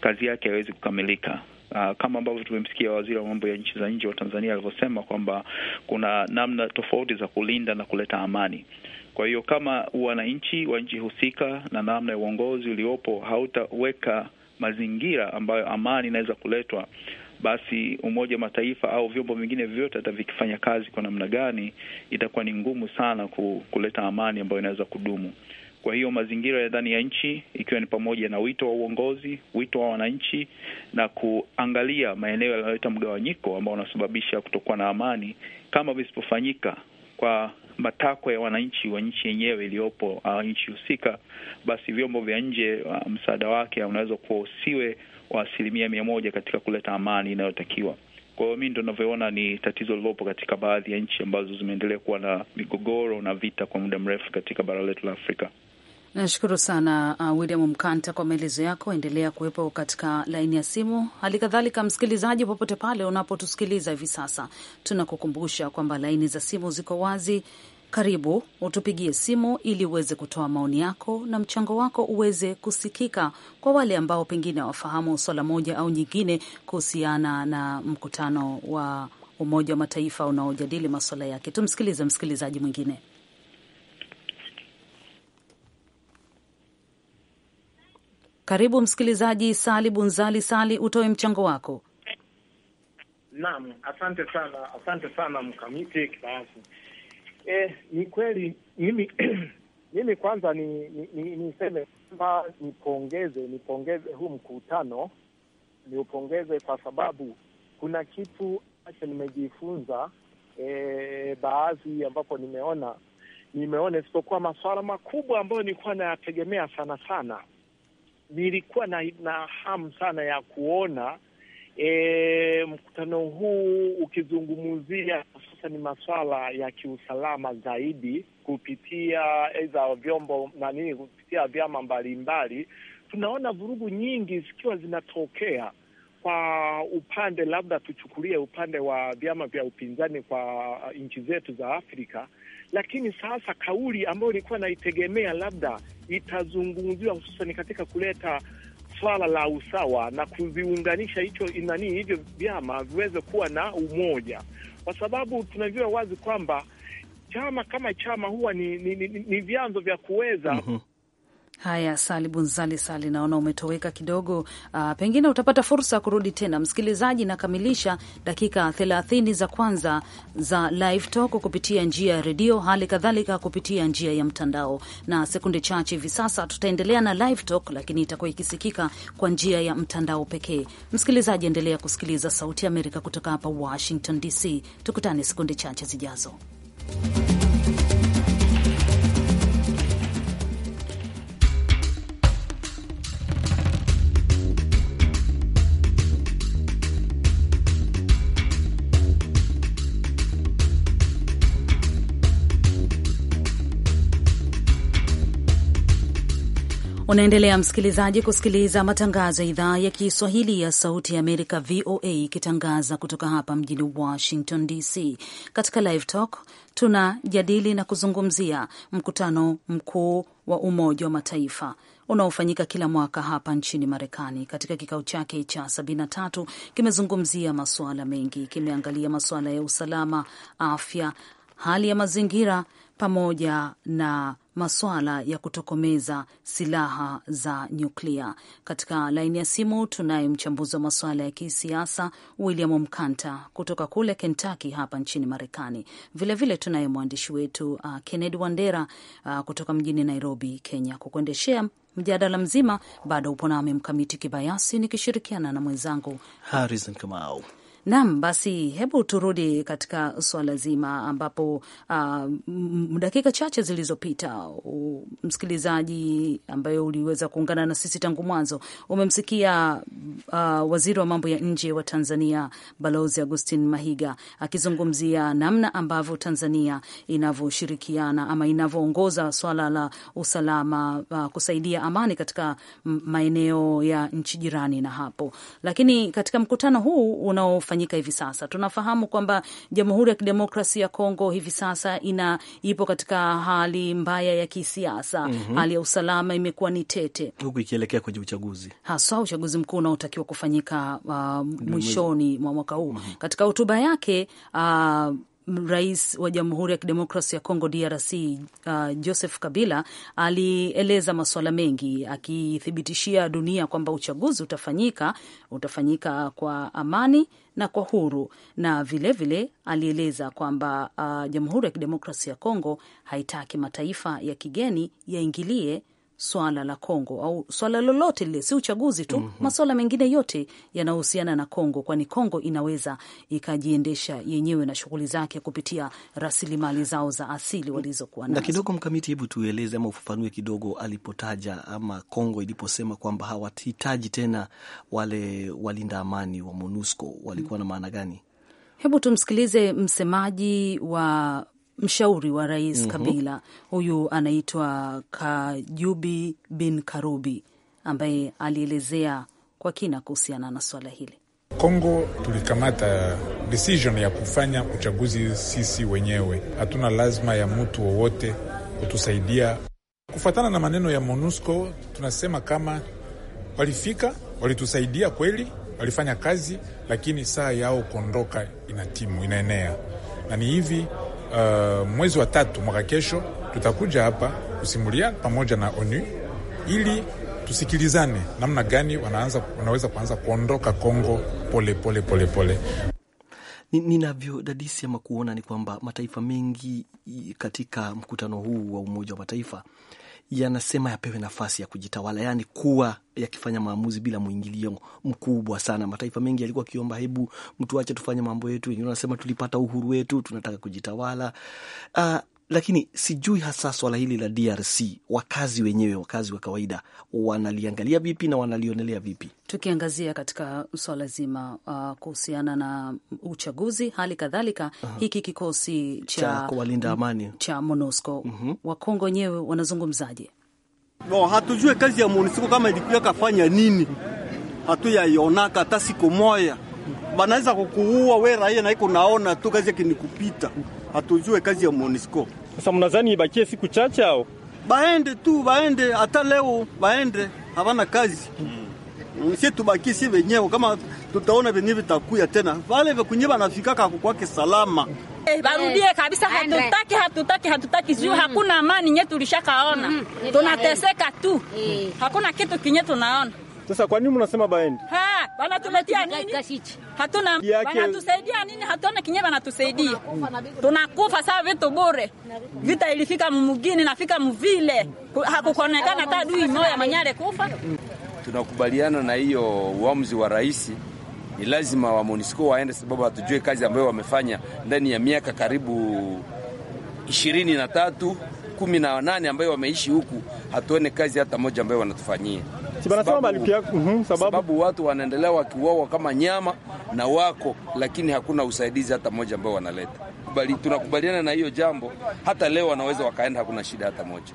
kazi yake haiwezi kukamilika. Uh, kama ambavyo tumemsikia waziri wa mambo ya nchi za nje wa Tanzania alivyosema kwamba kuna namna tofauti za kulinda na kuleta amani. Kwa hiyo kama wananchi wa nchi husika na namna ya uongozi uliopo hautaweka mazingira ambayo amani inaweza kuletwa, basi Umoja wa Mataifa au vyombo vingine vyote hata vikifanya kazi kwa namna gani, itakuwa ni ngumu sana kuleta amani ambayo inaweza kudumu. Kwa hiyo mazingira ya ndani ya nchi ikiwa ni pamoja na wito wa uongozi, wito wa wananchi na kuangalia maeneo yanayoleta mgawanyiko ambao unasababisha kutokuwa na amani, kama visipofanyika kwa matakwa ya wananchi wa nchi yenyewe iliyopo, uh, nchi husika, basi vyombo vya nje uh, msaada wake unaweza kuwa usiwe wa asilimia mia moja katika kuleta amani inayotakiwa. Kwa hiyo mi ndo navyoona ni tatizo lilopo katika baadhi ya nchi ambazo zimeendelea kuwa na migogoro na vita kwa muda mrefu katika bara letu la Afrika. Nashukuru sana uh, William Mkanta kwa maelezo yako. Endelea kuwepo katika laini ya simu. Hali kadhalika, msikilizaji, popote pale unapotusikiliza hivi sasa, tunakukumbusha kwamba laini za simu ziko wazi. Karibu utupigie simu ili uweze kutoa maoni yako na mchango wako uweze kusikika kwa wale ambao pengine wafahamu swala moja au nyingine kuhusiana na mkutano wa Umoja wa Mataifa unaojadili maswala yake. Tumsikilize msikilizaji mwingine. Karibu msikilizaji Sali Bunzali. Sali, utoe mchango wako. Naam, asante sana, asante sana mkamiti kibayasi. Eh, ni kweli mimi mimi kwanza ni ni, ni, kwamba nipongeze nipongeze huu mkutano niupongeze kwa sababu kuna kitu ambacho nimejifunza eh, baadhi ambapo nimeona nimeona isipokuwa masuala makubwa ambayo nilikuwa nayategemea sana sana nilikuwa na, na hamu sana ya kuona e, mkutano huu ukizungumzia ni masuala ya kiusalama zaidi kupitia za vyombo na nini, kupitia vyama mbalimbali. Tunaona vurugu nyingi zikiwa zinatokea kwa upande labda tuchukulie upande wa vyama vya upinzani kwa nchi zetu za Afrika lakini sasa kauli ambayo ilikuwa naitegemea labda itazungumziwa hususani katika kuleta swala la usawa na kuviunganisha hicho nani hivyo vyama viweze kuwa na umoja, kwa sababu tunajua wazi kwamba chama kama chama huwa ni, ni, ni, ni vyanzo vya kuweza mm -hmm Haya, Sali Bunzali, Sali, naona umetoweka kidogo. Uh, pengine utapata fursa ya kurudi tena. Msikilizaji, nakamilisha dakika thelathini za kwanza za Live Talk kupitia njia ya redio, hali kadhalika kupitia njia ya mtandao, na sekunde chache hivi sasa tutaendelea na Live Talk, lakini itakuwa ikisikika kwa njia ya mtandao pekee. Msikilizaji, endelea kusikiliza Sauti ya Amerika kutoka hapa Washington DC. Tukutane sekunde chache zijazo. Unaendelea msikilizaji kusikiliza matangazo ya idhaa ya Kiswahili ya Sauti ya Amerika, VOA, ikitangaza kutoka hapa mjini Washington DC. Katika Live Talk tunajadili na kuzungumzia mkutano mkuu wa Umoja wa Mataifa unaofanyika kila mwaka hapa nchini Marekani. Katika kikao chake cha 73 kimezungumzia masuala mengi, kimeangalia masuala ya usalama, afya, hali ya mazingira pamoja na maswala ya kutokomeza silaha za nyuklia. Katika laini ya simu tunaye mchambuzi wa maswala ya kisiasa William Mkanta kutoka kule Kentucky hapa nchini Marekani. Vilevile tunaye mwandishi wetu uh, Kennedy Wandera uh, kutoka mjini Nairobi, Kenya, kukuendeshea mjadala mzima. Bado upo nami Mkamiti Kibayasi nikishirikiana na mwenzangu Harrison Kamau. Naam, basi hebu turudi katika swala zima ambapo uh, dakika chache zilizopita msikilizaji ambaye uliweza kuungana na sisi tangu mwanzo umemsikia uh, waziri wa mambo ya nje wa Tanzania Balozi Augustin Mahiga akizungumzia namna ambavyo Tanzania inavyoshirikiana ama inavyoongoza swala la usalama uh, kusaidia amani katika maeneo ya nchi jirani na hapo, lakini katika mkutano huu unaofanya yanayofanyika hivi sasa. Tunafahamu kwamba Jamhuri ya Kidemokrasia ya Kongo hivi sasa ina ipo katika hali mbaya ya kisiasa mm -hmm. Hali ya usalama imekuwa ni tete, huku ikielekea kwenye uchaguzi haswa uchaguzi mkuu unaotakiwa kufanyika uh, mwishoni mwa mwaka huu mm -hmm. Katika hotuba yake uh, Rais wa Jamhuri ya Kidemokrasi ya Kongo DRC uh, Joseph Kabila alieleza masuala mengi akithibitishia dunia kwamba uchaguzi utafanyika, utafanyika kwa amani na kwa huru, na vilevile vile, alieleza kwamba uh, Jamhuri ya Kidemokrasi ya Kongo haitaki mataifa ya kigeni yaingilie swala la Kongo au swala lolote lile, si uchaguzi tu mm -hmm. Maswala mengine yote yanahusiana na Kongo, kwani Kongo inaweza ikajiendesha yenyewe na shughuli zake kupitia rasilimali zao za asili walizokuwa nazo. Na kidogo, Mkamiti, hebu tueleze ama ufafanue kidogo alipotaja ama Kongo iliposema kwamba hawahitaji tena wale walinda amani wa MONUSCO walikuwa mm -hmm. na maana gani? Hebu tumsikilize msemaji wa mshauri wa rais mm -hmm. Kabila huyu anaitwa Kajubi bin Karubi ambaye alielezea kwa kina kuhusiana na swala hili. Kongo tulikamata decision ya kufanya uchaguzi sisi wenyewe, hatuna lazima ya mtu wowote kutusaidia. Kufuatana na maneno ya MONUSCO, tunasema kama walifika, walitusaidia kweli, walifanya kazi, lakini saa yao kuondoka ina timu inaenea, na ni hivi uh, mwezi wa tatu mwaka kesho tutakuja hapa kusimulia pamoja na ONU ili tusikilizane namna gani wanaanza, wanaweza kuanza kuondoka Kongo pole pole pole pole. Ninavyodadisi ama kuona ni kwamba mataifa mengi katika mkutano huu wa Umoja wa Mataifa yanasema yapewe nafasi ya kujitawala, yaani kuwa yakifanya maamuzi bila mwingilio mkubwa sana. Mataifa mengi yalikuwa akiomba, hebu mtu ache tufanye mambo yetu. Wengine wanasema tulipata uhuru wetu, tunataka kujitawala. Uh, lakini sijui hasa swala hili la DRC wakazi wenyewe, wakazi wa kawaida wanaliangalia vipi na wanalionelea vipi? Tukiangazia katika swala zima uh, kuhusiana na uchaguzi, hali kadhalika uh-huh. hiki kikosi cha, kuwalinda amani cha MONUSCO uh-huh. Wakongo wenyewe wanazungumzaje? No, hatujue kazi ya MONUSCO kama ilikuwa kafanya nini, hatuyaionaka hata siku moya. Banaweza kukuua we raia, naiko naona tu kazi yake ni kupita hatujue kazi ya MONUSCO. Sasa mnadhani ibakie siku chache au baende tu baende, hata leo baende, hawana kazi hmm. Sie tubaki si wenyewe, kama tutaona venye vitakuya tena, vale vekunye vanafikaka kwake salama Eh, barudie kabisa, hatutaki hatutaki hatutaki juu mm. Hakuna amani nye tulishakaona mm. Tunateseka tu mm. Hakuna kitu kinye tunaona sasa kwa nini mnasema baendi? Ha, banatuletea nini? Hatuna banatusaidia nini? Hatuna kinye banatusaidia. Tunakufa saa vitu bure. Vita ilifika mumugini nafika muvile. Hakukonekana hata adui moya manyale kufa. Tunakubaliana na hiyo uamuzi wa rais. Ni lazima wa MONUSCO waende, sababu hatujue kazi ambayo wamefanya ndani ya miaka karibu ishirini na tatu kumi na nane ambayo wameishi huku, hatuone kazi hata moja ambayo wanatufanyia sababu, mhm, sababu, sababu watu wanaendelea wakiuawa kama nyama na wako, lakini hakuna usaidizi hata moja ambao wanaleta. Tunakubaliana na hiyo jambo, hata leo wanaweza wakaenda, hakuna shida hata moja.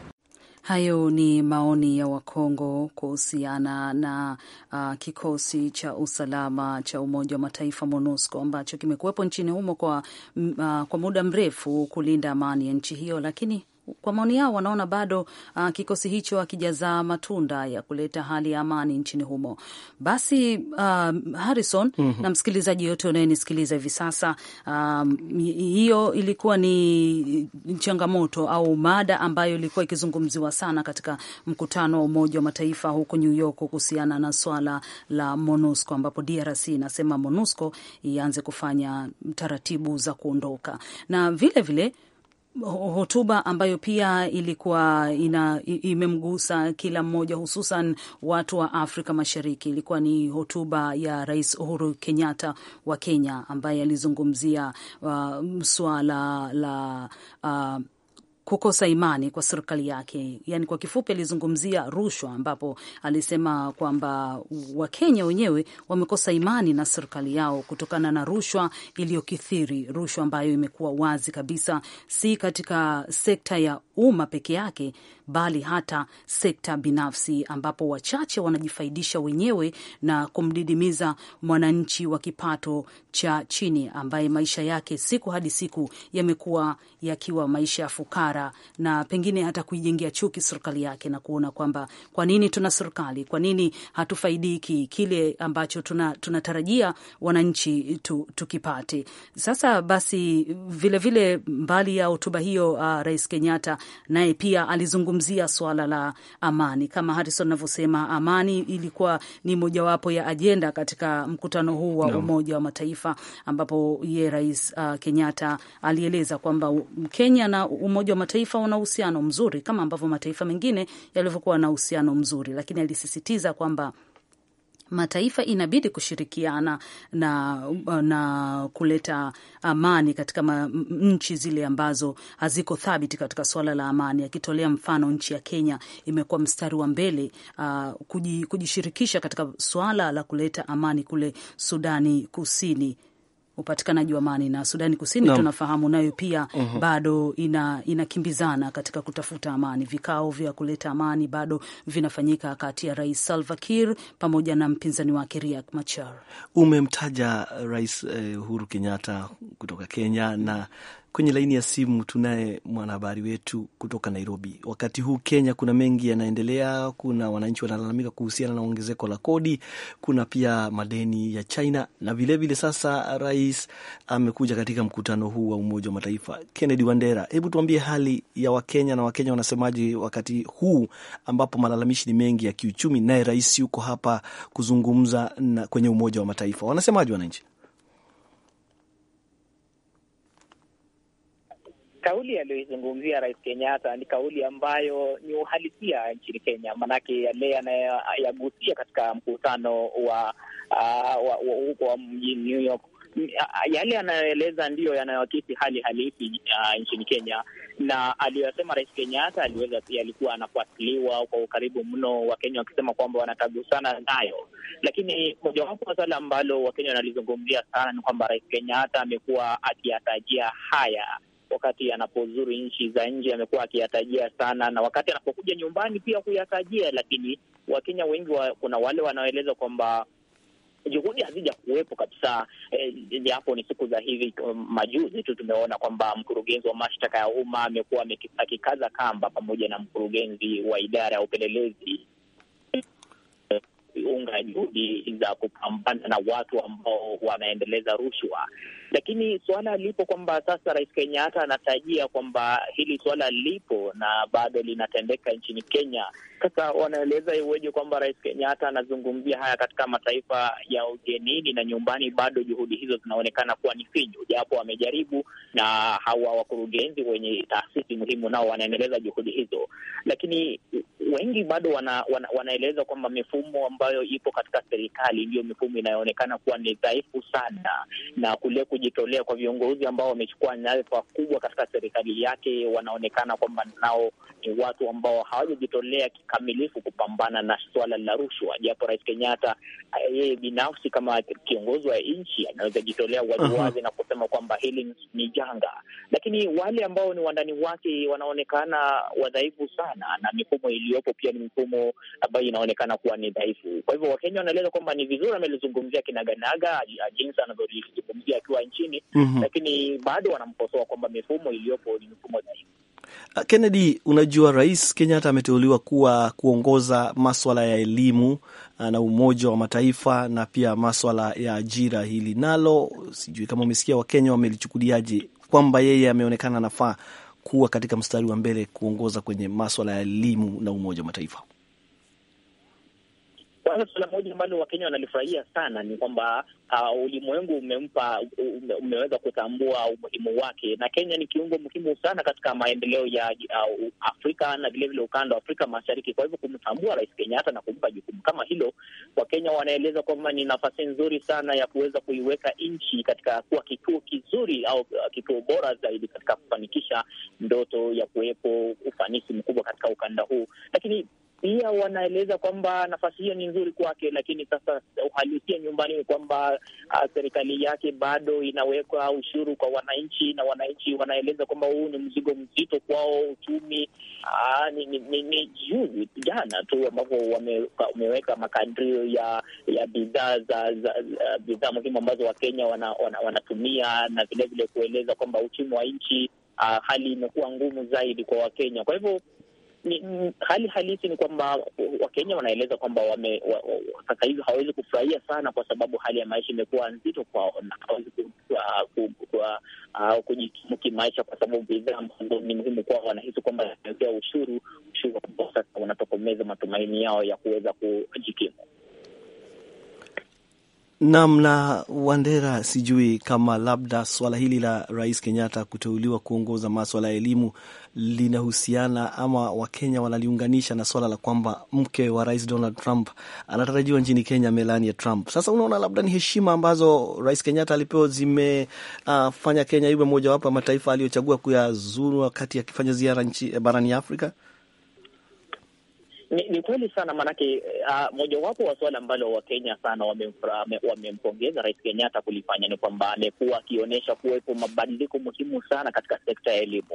Hayo ni maoni ya Wakongo kuhusiana na uh, kikosi cha usalama cha Umoja wa Mataifa MONUSCO ambacho kimekuwepo nchini humo kwa, mm, uh, kwa muda mrefu kulinda amani ya nchi hiyo, lakini kwa maoni yao wanaona bado uh, kikosi hicho hakijazaa matunda ya kuleta hali ya amani nchini humo. Basi uh, Harrison mm -hmm. na msikilizaji yote unayenisikiliza hivi sasa, um, hiyo ilikuwa ni changamoto au mada ambayo ilikuwa ikizungumziwa sana katika mkutano wa Umoja wa Mataifa huko New York kuhusiana na swala la MONUSCO ambapo DRC inasema MONUSCO ianze kufanya taratibu za kuondoka na vilevile vile, hotuba ambayo pia ilikuwa ina, imemgusa kila mmoja hususan watu wa Afrika Mashariki. Ilikuwa ni hotuba ya Rais Uhuru Kenyatta wa Kenya ambaye alizungumzia uh, swala la uh, kukosa imani kwa serikali yake. Yani kwa kifupi, alizungumzia rushwa, ambapo alisema kwamba Wakenya wenyewe wamekosa imani na serikali yao kutokana na rushwa iliyokithiri, rushwa ambayo imekuwa wazi kabisa, si katika sekta ya umma peke yake bali hata sekta binafsi, ambapo wachache wanajifaidisha wenyewe na kumdidimiza mwananchi wa kipato cha chini ambaye maisha yake siku hadi siku yamekuwa yakiwa maisha ya fukara, na pengine hata kuijengea chuki serikali yake na kuona kwamba kwa nini tuna serikali, kwa nini hatufaidiki kile ambacho tunatarajia tuna wananchi tu, tukipate. Sasa basi vilevile vile mbali ya hotuba hiyo, uh, Rais Kenyatta naye pia alizungumza kuzungumzia swala la amani. Kama harison anavyosema, amani ilikuwa ni mojawapo ya ajenda katika mkutano huu wa no. Umoja wa Mataifa, ambapo ye Rais uh, Kenyatta alieleza kwamba Kenya na Umoja wa Mataifa wana uhusiano mzuri kama ambavyo mataifa mengine yalivyokuwa na uhusiano mzuri, lakini alisisitiza kwamba mataifa inabidi kushirikiana na, na kuleta amani katika ma, nchi zile ambazo haziko thabiti katika suala la amani. Akitolea mfano nchi ya Kenya imekuwa mstari wa mbele uh, kujishirikisha katika suala la kuleta amani kule Sudani Kusini upatikanaji wa amani, na Sudani Kusini no. tunafahamu nayo pia mm -hmm. bado ina, inakimbizana katika kutafuta amani. Vikao vya kuleta amani bado vinafanyika kati ya Rais Salva Kiir pamoja na mpinzani wake Riek Machar. Umemtaja Rais eh, Uhuru Kenyatta kutoka Kenya na Kwenye laini ya simu tunaye mwanahabari wetu kutoka Nairobi. Wakati huu Kenya kuna mengi yanaendelea, kuna wananchi wanalalamika kuhusiana na ongezeko la kodi, kuna pia madeni ya China na vilevile vile. Sasa rais amekuja katika mkutano huu wa Umoja wa Mataifa. Kennedy Wandera, hebu tuambie hali ya Wakenya na Wakenya wanasemaje wakati huu ambapo malalamishi ni mengi ya kiuchumi, naye rais yuko hapa kuzungumza na kwenye Umoja wa Mataifa, wanasemaje wananchi? Kauli aliyoizungumzia Rais Kenyatta ni kauli ambayo ni uhalisia nchini Kenya, maanake yale anayagusia katika mkutano wa ah, huko uh, wa mjini New York yale yanayoeleza ndiyo yanayoakisi hali halisi uh, nchini Kenya, na aliyosema Rais Kenyatta aliweza pia, alikuwa anafuatiliwa kwa ukaribu mno, Wakenya wakisema kwamba wanatagusana nayo. Lakini mojawapo wa swala ambalo Wakenya wanalizungumzia sana ni kwamba Rais Kenyatta amekuwa akiyatajia haya wakati anapozuru nchi za nje amekuwa akiyatajia sana, na wakati anapokuja nyumbani pia kuyatajia. Lakini Wakenya wengi wa, kuna wale wanaoeleza kwamba juhudi hazija kuwepo kabisa, eh, japo e, ni siku za hivi um, majuzi tu tumeona kwamba mkurugenzi wa mashtaka ya umma amekuwa akikaza kamba pamoja na mkurugenzi wa idara ya upelelezi unga juhudi za kupambana na watu ambao wanaendeleza rushwa. Lakini suala lipo kwamba sasa Rais Kenyatta anatajia kwamba hili suala lipo na bado linatendeka nchini Kenya. Sasa wanaeleza iweje kwamba Rais Kenyatta anazungumzia haya katika mataifa ya ugenini na nyumbani bado juhudi hizo zinaonekana kuwa ni finyu, japo wamejaribu na hawa wakurugenzi wenye taasisi muhimu nao wanaendeleza juhudi hizo, lakini wengi bado wana, wana, wanaeleza kwamba mifumo ambayo ipo katika serikali ndiyo mifumo inayoonekana kuwa ni dhaifu sana na kule kujitolea kwa viongozi ambao wamechukua nyadhifa kubwa katika serikali yake, wanaonekana kwamba nao ni watu ambao hawajajitolea kikamilifu kupambana na swala la rushwa, japo Rais Kenyatta eh, yeye binafsi kama kiongozi wa nchi anaweza jitolea waziwazi na kusema kwamba hili ni janga, lakini wale ambao ni wandani wake wanaonekana wadhaifu sana, na mifumo iliyopo pia ni mifumo ambayo inaonekana kuwa ni dhaifu. Kwa hivyo Wakenya wanaeleza kwamba ni vizuri amelizungumzia kinaganaga jinsi anavyolizungumzia akiwa nchini mm -hmm. Lakini bado wanamkosoa kwamba mifumo iliyopo ni mifumo dhaifu. Uh, Kennedy, unajua Rais Kenyatta ameteuliwa kuwa kuongoza maswala ya elimu uh, na Umoja wa Mataifa na pia maswala ya ajira. Hili nalo sijui kama umesikia Wakenya wamelichukuliaje, kwamba yeye ameonekana nafaa kuwa katika mstari wa mbele kuongoza kwenye maswala ya elimu na Umoja wa Mataifa. Kwanza, suala moja ambalo Wakenya wanalifurahia sana ni kwamba uh, ulimwengu umempa ume, umeweza kutambua umuhimu wake, na Kenya ni kiungo muhimu sana katika maendeleo ya uh, Afrika na vilevile ukanda wa Afrika Mashariki. Kwa hivyo kumtambua Rais Kenyatta na kumpa jukumu kama hilo, Wakenya wanaeleza kwamba ni nafasi nzuri sana ya kuweza kuiweka nchi katika kuwa kituo kizuri au uh, kituo bora zaidi katika kufanikisha ndoto ya kuwepo ufanisi mkubwa katika ukanda huu, lakini pia wanaeleza kwamba nafasi hiyo ni nzuri kwake, lakini sasa uhalisia nyumbani ni kwamba uh, serikali yake bado inaweka ushuru kwa wananchi, na wananchi wanaeleza kwamba huu ni mzigo mzito kwao. Uchumi uh, ni, ni, ni, ni juzi jana tu ambapo wameweka makadirio ya ya bidhaa za, za za bidhaa muhimu ambazo Wakenya wanatumia wana, wana na vilevile kueleza kwamba uchumi wa nchi uh, hali imekuwa ngumu zaidi kwa Wakenya, kwa hivyo ni hali halisi ni kwamba Wakenya wanaeleza kwamba wame wa, wa, sasa hivi hawawezi kufurahia sana, kwa sababu hali ya maisha imekuwa nzito kwao na hawawezi ah, ah, ah, kujikimu kimaisha, kwa sababu bidhaa ambazo ni muhimu kwao wanahisi kwamba zinawekewa ushuru, ushuru ambao sasa unatokomeza matumaini yao ya kuweza kujikimu namna Wandera, sijui kama labda swala hili la Rais Kenyatta kuteuliwa kuongoza maswala ya elimu linahusiana ama Wakenya wanaliunganisha na swala la kwamba mke wa Rais Donald Trump anatarajiwa nchini Kenya, Melania Trump. Sasa unaona, labda ni heshima ambazo Rais Kenyatta alipewa zimefanya uh, Kenya iwe mojawapo ya mataifa aliyochagua kuyazuru wakati akifanya ziara barani Afrika. Ni, ni kweli sana maanake, uh, eh, ah, mojawapo wa suala ambalo Wakenya sana wamempongeza wame Rais Kenyatta kulifanya ni kwamba amekuwa akionyesha kuwepo mabadiliko muhimu sana katika sekta ya elimu,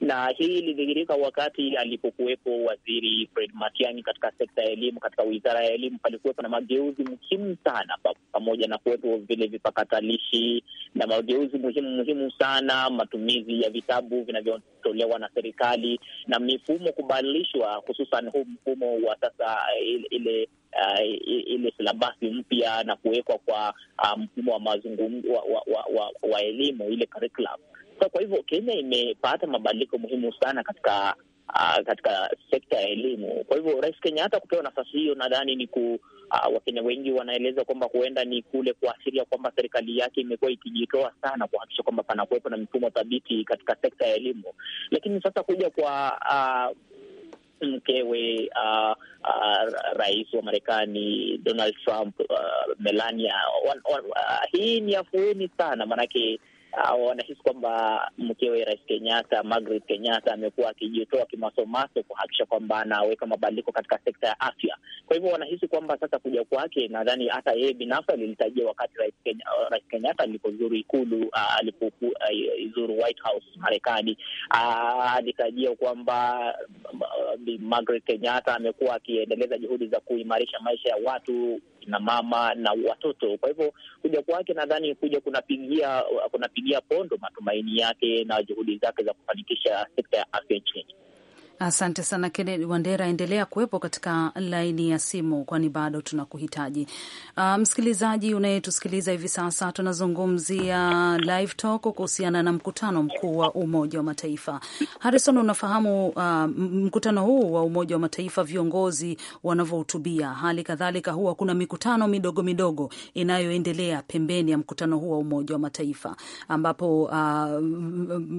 na hii ilidhihirika wakati alipokuwepo Waziri Fred Matiang'i katika sekta ya elimu. Katika wizara ya elimu palikuwepo na mageuzi muhimu sana, pamoja na kuwepo vile vipakatalishi na mageuzi muhimu muhimu sana, matumizi ya vitabu vinavyotolewa na serikali na mifumo kubadilishwa, hususan huu mfumo wa sasa eh, ile Uh, ile eh, silabasi mpya na kuwekwa kwa ah, mfumo um, wa mazungumzo wa, wa, wa, wa elimu ile curriculum. So kwa hivyo Kenya imepata mabadiliko muhimu sana katika uh, katika sekta ya elimu. Kwa hivyo Rais Kenyatta kupewa nafasi hiyo, nadhani ni ku uh, Wakenya wengi wanaeleza kwamba huenda ni kule kuashiria kwamba serikali yake imekuwa ikijitoa sana kuhakikisha kwamba panakuwepo na mifumo thabiti katika sekta ya elimu, lakini sasa kuja kwa uh, mkewe uh, uh, rais wa Marekani Donald Trump uh, Melania. Wan, wan, uh, hii ni afueni sana maanake Ah, wanahisi kwamba mkewe Rais Kenyatta, Margaret Kenyatta, amekuwa akijitoa kimasomaso kuhakikisha kwamba anaweka mabadiliko katika sekta ya afya. Kwa hivyo wanahisi kwamba sasa kuja kwake, nadhani hata yeye binafsi alilitajia wakati Rais Kenya, Rais Kenyatta alipozuru Ikulu, alipozuru ah, alipoizuru ah, White House Marekani, alitajia kwamba uh, Margaret Kenyatta amekuwa akiendeleza juhudi za kuimarisha maisha ya watu kina mama na watoto. Kwa hivyo kuja kwake nadhani kuja kunapigia kunapigia pondo matumaini yake na juhudi zake za kufanikisha sekta ya afya nchini. Asante sana Kennedy Wandera, endelea kuwepo katika laini ya simu, kwani bado tunakuhitaji. Uh, msikilizaji unayetusikiliza hivi sasa, tunazungumzia live talk kuhusiana na mkutano mkuu wa Umoja wa Mataifa. Harrison, unafahamu uh, mkutano huu wa Umoja wa Mataifa viongozi wanavyohutubia, hali kadhalika huwa kuna mikutano midogo midogo inayoendelea pembeni ya mkutano huu wa Umoja wa Mataifa ambapo uh,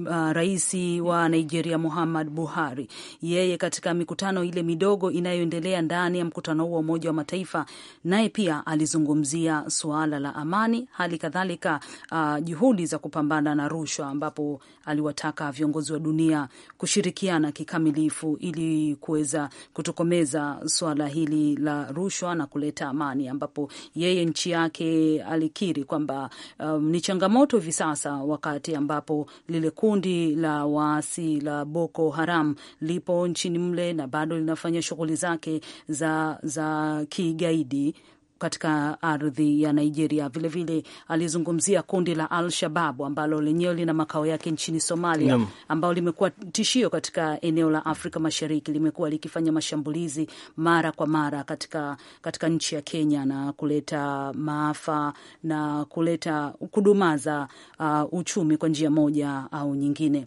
uh, rais wa Nigeria Muhammad Buhari yeye katika mikutano ile midogo inayoendelea ndani ya mkutano huo wa Umoja wa Mataifa, naye pia alizungumzia suala la amani, hali kadhalika uh, juhudi za kupambana na rushwa, ambapo aliwataka viongozi wa dunia kushirikiana kikamilifu ili kuweza kutokomeza suala hili la rushwa na kuleta amani, ambapo yeye nchi yake alikiri kwamba um, ni changamoto hivi sasa wakati ambapo lile kundi la waasi la Boko Haram lipo nchini mle na bado linafanya shughuli zake za, za kigaidi katika ardhi ya Nigeria. Vilevile alizungumzia kundi la Al Shababu ambalo lenyewe lina makao yake nchini Somalia, ambao limekuwa tishio katika eneo la Afrika Mashariki, limekuwa likifanya mashambulizi mara kwa mara katika, katika nchi ya Kenya na kuleta maafa na kuleta kudumaza uh, uchumi kwa njia moja au nyingine.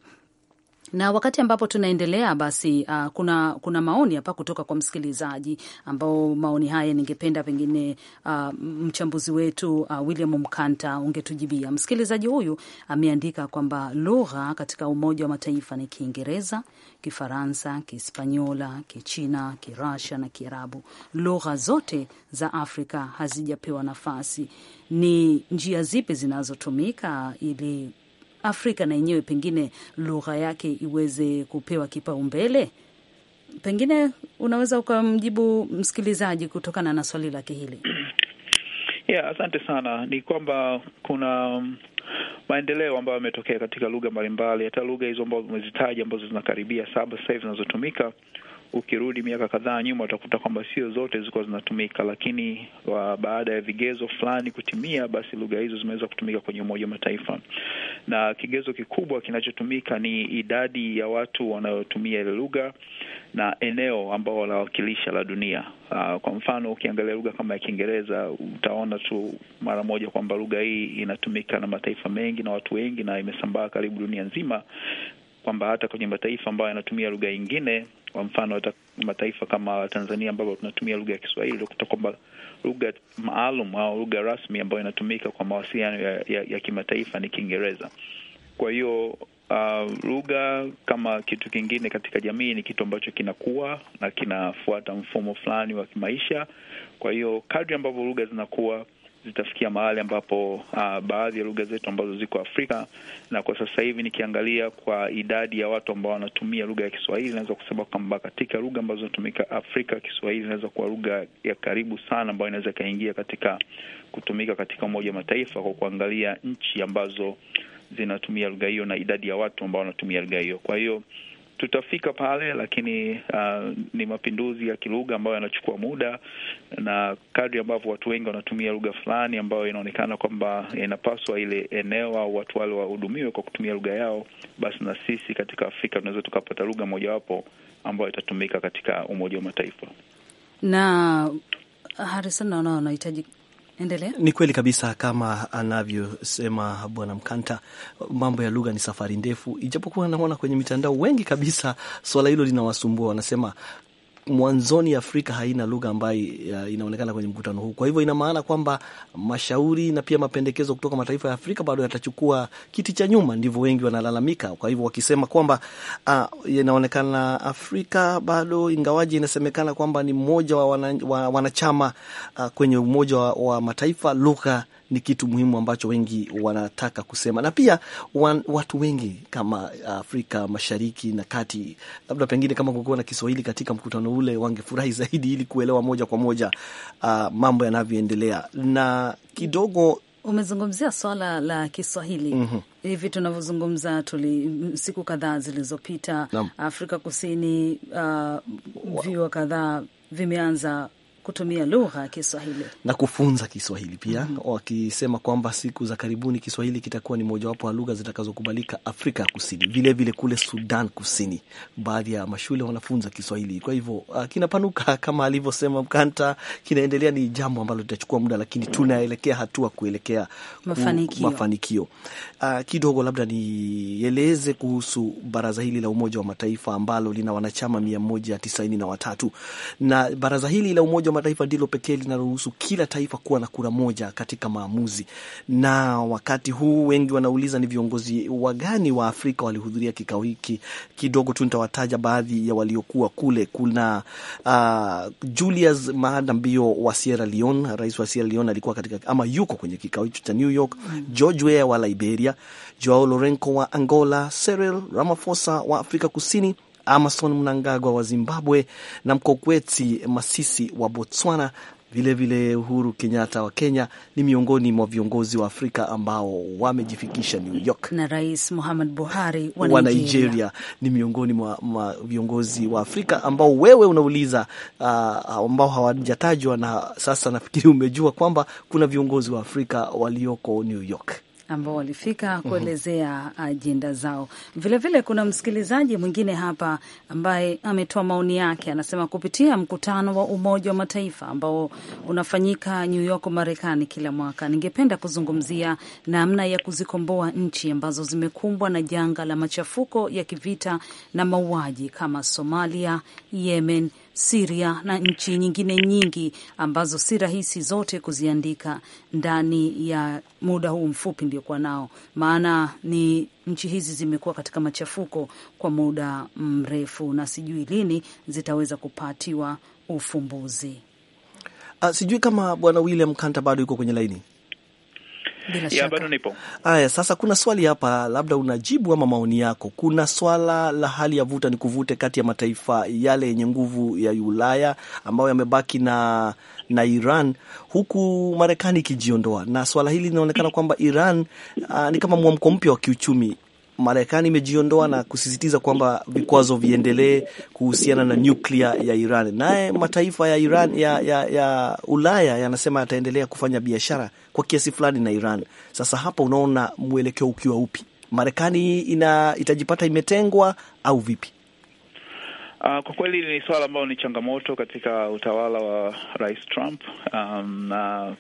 Na wakati ambapo tunaendelea basi, uh, kuna, kuna maoni hapa kutoka kwa msikilizaji ambao maoni haya ningependa pengine uh, mchambuzi wetu uh, William Mkanta ungetujibia. Msikilizaji huyu ameandika kwamba lugha katika Umoja wa Mataifa ni Kiingereza, Kifaransa, Kihispanyola, Kichina, Kirasha na Kiarabu. Lugha zote za Afrika hazijapewa nafasi. Ni njia zipi zinazotumika ili Afrika na yenyewe pengine lugha yake iweze kupewa kipaumbele? Pengine unaweza ukamjibu msikilizaji kutokana na swali lake hili. Yeah, asante sana. Ni kwamba kuna um, maendeleo ambayo yametokea katika lugha mbalimbali, hata lugha hizo ambazo umezitaja ambazo zinakaribia saba sasa hivi zinazotumika ukirudi miaka kadhaa nyuma utakuta kwamba sio zote zilikuwa zinatumika, lakini wa baada ya vigezo fulani kutimia, basi lugha hizo zimeweza kutumika kwenye Umoja wa Mataifa, na kigezo kikubwa kinachotumika ni idadi ya watu wanaotumia ile lugha na eneo ambao wanawakilisha la dunia. Uh, kwa mfano ukiangalia lugha kama ya Kiingereza utaona tu mara moja kwamba lugha hii inatumika na mataifa mengi na watu wengi, na imesambaa karibu dunia nzima, kwamba hata kwenye mataifa ambayo yanatumia lugha nyingine kwa mfano hata mataifa kama Tanzania ambapo tunatumia lugha ya Kiswahili, utakuta kwamba lugha maalum au lugha rasmi ambayo inatumika kwa mawasiliano ya, ya, ya kimataifa ni Kiingereza. Kwa hiyo uh, lugha kama kitu kingine katika jamii ni kitu ambacho kinakuwa na kinafuata mfumo fulani wa kimaisha. Kwa hiyo kadri ambavyo lugha zinakuwa zitafikia mahali ambapo uh, baadhi ya lugha zetu ambazo ziko Afrika, na kwa sasa hivi nikiangalia kwa idadi ya watu ambao wanatumia lugha ya Kiswahili, inaweza kusema kwamba katika lugha ambazo zinatumika Afrika, Kiswahili inaweza kuwa lugha ya karibu sana ambayo inaweza ikaingia katika kutumika katika Umoja wa Mataifa kwa kuangalia nchi ambazo zinatumia lugha hiyo na idadi ya watu ambao wanatumia lugha hiyo. Kwa hiyo tutafika pale, lakini uh, ni mapinduzi ya kilugha ambayo yanachukua muda, na kadri ambavyo watu wengi wanatumia lugha fulani ambayo inaonekana kwamba inapaswa ile eneo au watu wale wahudumiwe kwa kutumia lugha yao, basi na sisi katika Afrika tunaweza tukapata lugha mojawapo ambayo itatumika katika Umoja wa Mataifa na Harrison, naona wanahitaji Endelea. Ni kweli kabisa kama anavyosema Bwana Mkanta, mambo ya lugha ni safari ndefu, ijapokuwa naona kwenye mitandao wengi kabisa swala hilo linawasumbua, wanasema mwanzoni Afrika haina lugha ambayo uh, inaonekana kwenye mkutano huu. Kwa hivyo ina maana kwamba mashauri na pia mapendekezo kutoka mataifa ya Afrika bado yatachukua kiti cha nyuma, ndivyo wengi wanalalamika. Kwa hivyo wakisema kwamba uh, inaonekana Afrika bado, ingawaji inasemekana kwamba ni mmoja wa wanachama uh, kwenye Umoja wa, wa Mataifa, lugha ni kitu muhimu ambacho wengi wanataka kusema, na pia wan, watu wengi kama Afrika Mashariki na Kati, labda pengine kama kukuwa na Kiswahili katika mkutano ule, wangefurahi zaidi ili kuelewa moja kwa moja uh, mambo yanavyoendelea na kidogo umezungumzia swala la Kiswahili mm -hmm. Hivi tunavyozungumza tuli siku kadhaa zilizopita Afrika Kusini uh, vyuo kadhaa vimeanza kutumia lugha ya Kiswahili na kufunza Kiswahili pia mm -hmm. wakisema kwamba siku za karibuni Kiswahili kitakuwa ni mojawapo wa lugha zitakazokubalika Afrika Kusini, vilevile vile kule Sudan Kusini baadhi ya mashule wanafunza Kiswahili. Kwa hivyo uh, kinapanuka kama alivyosema Mkanta, kinaendelea. Ni jambo ambalo litachukua muda, lakini tunaelekea hatua kuelekea mafanikio, mafanikio. Uh, kidogo labda nieleze kuhusu baraza hili la Umoja wa Mataifa ambalo lina wanachama mia moja tisaini na watatu na baraza hili la Umoja Mataifa ndilo pekee linaruhusu kila taifa kuwa na kura moja katika maamuzi, na wakati huu wengi wanauliza ni viongozi wagani wa Afrika walihudhuria kikao hiki. Kidogo tu nitawataja baadhi ya waliokuwa kule. Kuna uh, Julius Maada Bio wa Sierra Leone, rais wa Sierra Leone alikuwa katika ama yuko kwenye kikao hicho cha New York. Mm. George Weah wa Liberia, Joao Lorenco wa Angola, Cyril Ramaphosa wa Afrika Kusini Amason Mnangagwa wa Zimbabwe na Mkokweti Masisi wa Botswana, vilevile vile Uhuru Kenyatta wa Kenya ni miongoni mwa viongozi wa Afrika ambao wamejifikisha New York, na Rais Muhammad Buhari wa Nigeria, Nigeria ni miongoni mwa, mwa viongozi wa Afrika ambao wewe unauliza uh, ambao hawajatajwa, na sasa nafikiri umejua kwamba kuna viongozi wa Afrika walioko New York ambao walifika mhm. kuelezea ajenda zao. Vilevile vile kuna msikilizaji mwingine hapa ambaye ametoa maoni yake, anasema kupitia mkutano wa Umoja wa Mataifa ambao unafanyika New York, Marekani kila mwaka, ningependa kuzungumzia namna ya kuzikomboa nchi ambazo zimekumbwa na janga la machafuko ya kivita na mauaji kama Somalia, Yemen, Siria na nchi nyingine nyingi ambazo si rahisi zote kuziandika ndani ya muda huu mfupi ndiokuwa nao, maana ni nchi hizi zimekuwa katika machafuko kwa muda mrefu, na sijui lini zitaweza kupatiwa ufumbuzi. Uh, sijui kama Bwana William Kanta bado yuko kwenye laini ya bado nipo. Aya, sasa kuna swali hapa, labda unajibu ama maoni yako. Kuna swala la hali ya vuta ni kuvute kati ya mataifa yale yenye nguvu ya Ulaya ambayo yamebaki na na Iran huku Marekani ikijiondoa, na swala hili linaonekana kwamba Iran uh, ni kama mwamko mpya wa kiuchumi. Marekani imejiondoa na kusisitiza kwamba vikwazo viendelee kuhusiana na nyuklia ya Iran. Naye mataifa ya Iran ya, ya, ya Ulaya yanasema yataendelea kufanya biashara kwa kiasi fulani na Iran. Sasa hapa unaona mwelekeo ukiwa upi? Marekani ina itajipata imetengwa au vipi? Uh, kwa kweli ni suala ambalo ni changamoto katika utawala wa Rais Trump um, na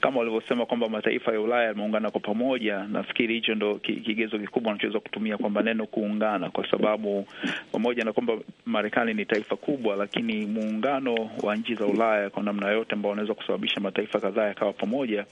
kama walivyosema kwamba mataifa ya Ulaya yameungana kwa pamoja. Nafikiri hicho ndo kigezo kikubwa anachoweza kutumia kwamba neno kuungana, kwa sababu pamoja na kwamba Marekani ni taifa kubwa, lakini muungano wa nchi za Ulaya kwa namna yote ambao unaweza kusababisha mataifa kadhaa yakawa pamoja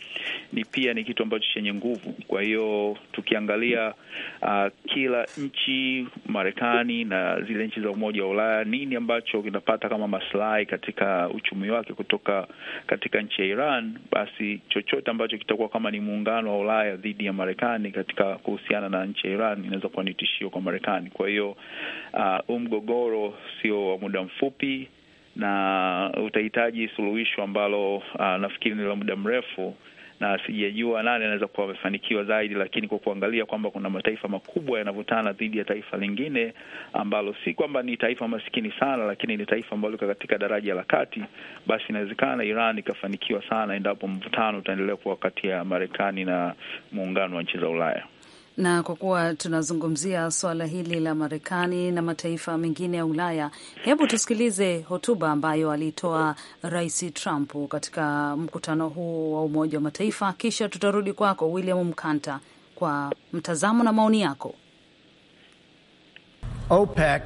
ni pia ni kitu ambacho chenye nguvu. Kwa hiyo tukiangalia uh, kila nchi Marekani na zile nchi za Umoja wa Ulaya Uh, nini ambacho kinapata kama maslahi katika uchumi wake kutoka katika nchi ya Iran, basi chochote ambacho kitakuwa kama ni muungano wa Ulaya dhidi ya Marekani katika kuhusiana na nchi ya Iran inaweza kuwa ni tishio kwa Marekani. Kwa hiyo uh, huu mgogoro sio wa muda mfupi na utahitaji suluhisho ambalo uh, nafikiri ni la muda mrefu na sijajua nani anaweza kuwa amefanikiwa zaidi, lakini kwa kuangalia kwamba kuna mataifa makubwa yanavutana dhidi ya taifa lingine ambalo si kwamba ni taifa masikini sana, lakini ni taifa ambalo liko katika daraja la kati, basi inawezekana Iran ikafanikiwa sana endapo mvutano utaendelea kuwa kati ya Marekani na muungano wa nchi za Ulaya. Na kwa kuwa tunazungumzia suala hili la Marekani na mataifa mengine ya Ulaya, hebu tusikilize hotuba ambayo alitoa Rais Trump katika mkutano huu wa Umoja wa Mataifa, kisha tutarudi kwako William Mkanta kwa mtazamo na maoni yako. OPEC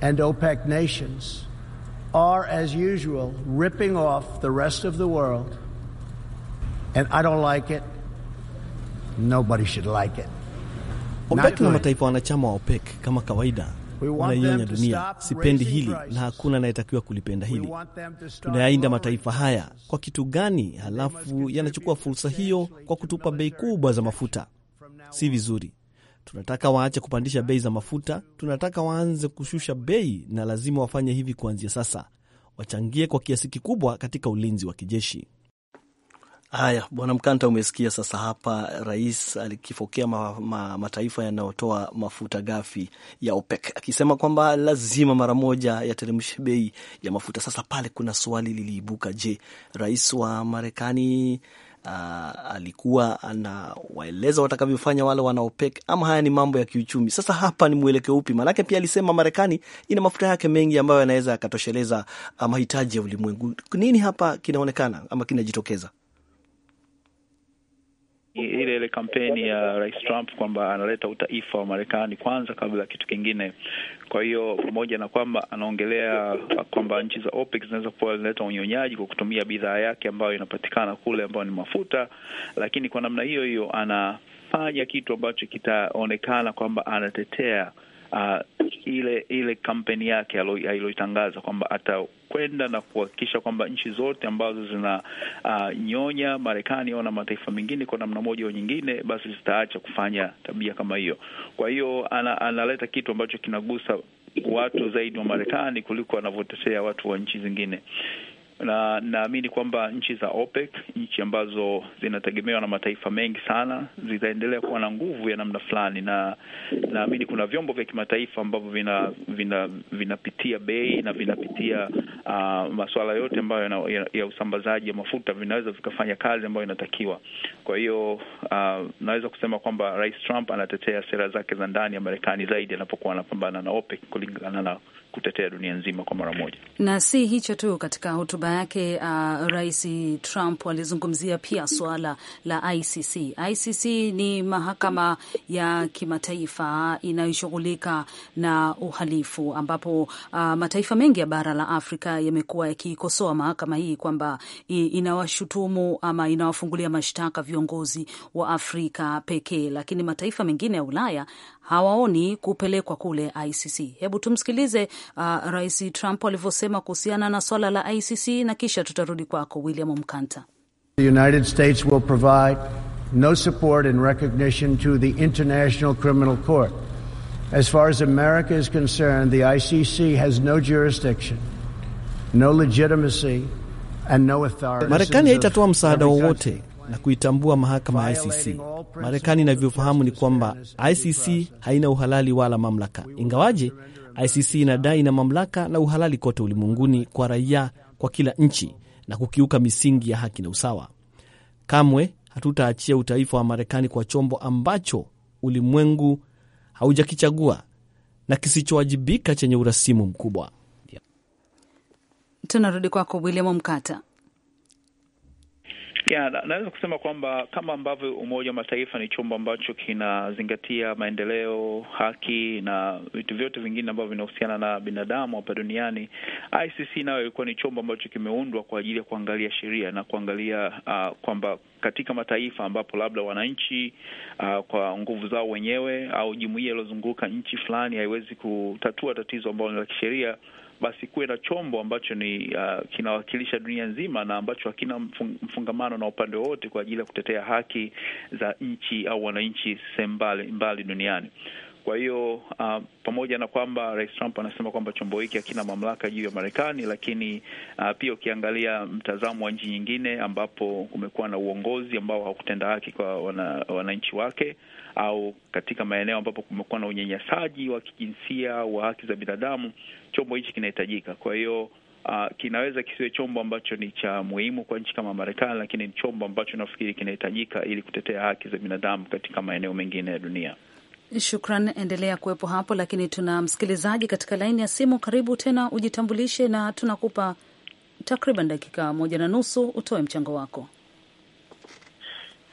and OPEC nations are as usual ripping off the rest of the world and I don't like it. Nobody should like it. OPEC na mataifa wanachama wa OPEC kama kawaida wanaionya dunia, sipendi hili na hakuna anayetakiwa kulipenda hili. Tunayainda mataifa haya kwa kitu gani? Halafu yanachukua fursa hiyo kwa kutupa bei kubwa za mafuta. Si vizuri. Tunataka waache kupandisha bei za mafuta, tunataka waanze kushusha bei, na lazima wafanye hivi kuanzia sasa. Wachangie kwa kiasi kikubwa katika ulinzi wa kijeshi. Haya, Bwana Mkanta, umesikia sasa hapa rais alikifokea ma, ma, mataifa yanayotoa mafuta ghafi ya OPEC akisema kwamba lazima mara moja yateremshe bei ya mafuta. Sasa pale kuna swali liliibuka, je, rais wa Marekani Uh, alikuwa anawaeleza watakavyofanya wale wana OPEC ama haya ni mambo ya kiuchumi? Sasa hapa ni mwelekeo upi? Maanake pia alisema Marekani ina mafuta yake mengi ambayo yanaweza yakatosheleza mahitaji ya ulimwengu. Nini hapa kinaonekana ama kinajitokeza? ile ile kampeni ya Rais Trump kwamba analeta utaifa wa Marekani kwanza kabla ya kitu kingine. Kwa hiyo pamoja na kwamba anaongelea kwamba nchi za OPEC zinaweza kuwa zinaleta unyonyaji kwa kutumia bidhaa yake ambayo inapatikana kule ambayo ni mafuta, lakini kwa namna hiyo hiyo anafanya kitu ambacho kitaonekana kwamba anatetea uh, ile ile kampeni yake aliyoitangaza kwamba atakwenda na kuhakikisha kwamba nchi zote ambazo zina uh, nyonya Marekani au na mataifa mengine kwa namna moja au nyingine, basi zitaacha kufanya tabia kama hiyo. Kwa hiyo ana, analeta kitu ambacho kinagusa watu zaidi wa Marekani kuliko anavyotetea watu wa nchi zingine na naamini kwamba nchi za OPEC, nchi ambazo zinategemewa na mataifa mengi sana, zitaendelea kuwa na nguvu ya namna fulani, na naamini kuna vyombo vya kimataifa ambavyo vina, vina vinapitia bei na vinapitia uh, masuala yote ambayo ya, ya usambazaji wa mafuta vinaweza vikafanya kazi ambayo inatakiwa. Kwa hiyo uh, naweza kusema kwamba Rais Trump anatetea sera zake za ndani ya Marekani zaidi anapokuwa anapambana na OPEC kulingana na kutetea dunia nzima kwa mara moja. Na si hicho tu, katika hotuba yake uh, Rais Trump alizungumzia pia suala la ICC. ICC ni mahakama ya kimataifa inayoshughulika na uhalifu, ambapo uh, mataifa mengi ya bara la Afrika yamekuwa yakiikosoa mahakama hii kwamba inawashutumu ama inawafungulia mashtaka viongozi wa Afrika pekee, lakini mataifa mengine ya Ulaya hawaoni kupelekwa kule ICC. Hebu tumsikilize uh, Rais Trump alivyosema kuhusiana na swala la ICC na kisha tutarudi kwako William Mkanta. The United States will provide no support and recognition to the International Criminal Court. As far as America is concerned, the ICC has no jurisdiction, no legitimacy and no authority. Marekani haitatoa msaada wowote na kuitambua mahakama ya ICC Marekani inavyofahamu ni kwamba ICC haina uhalali wala mamlaka, ingawaje ICC inadai na mamlaka na uhalali kote ulimwenguni kwa raia, kwa kila nchi na kukiuka misingi ya haki na usawa. Kamwe hatutaachia utaifa wa Marekani kwa chombo ambacho ulimwengu haujakichagua na kisichowajibika chenye urasimu mkubwa. Tunarudi kwako William Mkata ya na, naweza kusema kwamba kama ambavyo Umoja wa Mataifa ni chombo ambacho kinazingatia maendeleo, haki na vitu vyote vingine ambavyo vinahusiana na binadamu hapa duniani, ICC nayo ilikuwa ni chombo ambacho kimeundwa kwa ajili ya kuangalia sheria na kuangalia uh, kwamba katika mataifa ambapo labda wananchi uh, kwa nguvu zao wenyewe au jumuiya iliyozunguka nchi fulani haiwezi kutatua tatizo ambalo ni la kisheria basi kuwe na chombo ambacho ni uh, kinawakilisha dunia nzima na ambacho hakina mfungamano na upande wowote kwa ajili ya kutetea haki za nchi au wananchi sehemu mbali mbali duniani. Kwa hiyo uh, pamoja na kwamba Rais Trump anasema kwamba chombo hiki hakina mamlaka juu ya Marekani, lakini uh, pia ukiangalia mtazamo wa nchi nyingine ambapo kumekuwa na uongozi ambao haukutenda haki kwa wananchi wana wake au katika maeneo ambapo kumekuwa na unyanyasaji wa kijinsia wa haki za binadamu, chombo hichi kinahitajika. Kwa hiyo Uh, kinaweza kisiwe chombo ambacho ni cha muhimu kwa nchi kama Marekani, lakini ni chombo ambacho nafikiri kinahitajika ili kutetea haki za binadamu katika maeneo mengine ya dunia. Shukran, endelea kuwepo hapo. Lakini tuna msikilizaji katika laini ya simu. Karibu tena, ujitambulishe na tunakupa takriban dakika moja na nusu utoe mchango wako.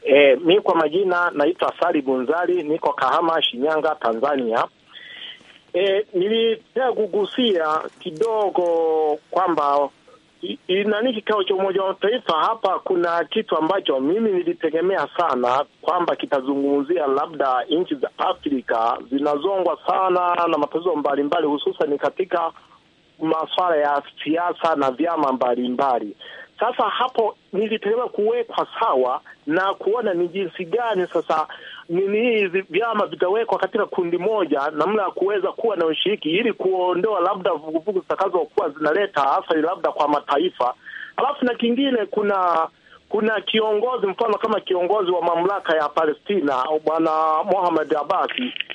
E, mi kwa majina naitwa Sali Bunzali, niko Kahama, Shinyanga, Tanzania. E, nilitaka kugusia kidogo kwamba nani kikao cha Umoja wa Mataifa hapa, kuna kitu ambacho mimi nilitegemea sana kwamba kitazungumzia labda nchi za Afrika zinazongwa sana na matatizo mbalimbali, hususan katika masuala ya siasa na vyama mbalimbali mbali. Sasa hapo nilipewa kuwekwa sawa na kuona ni jinsi gani sasa nini hizi vyama vitawekwa katika kundi moja, namna ya kuweza kuwa na ushiriki ili kuondoa labda vuguvugu zitakazokuwa zinaleta athari labda kwa mataifa. Alafu na kingine, kuna kuna kiongozi mfano kama kiongozi wa mamlaka ya Palestina Bwana Mohamed Abbas,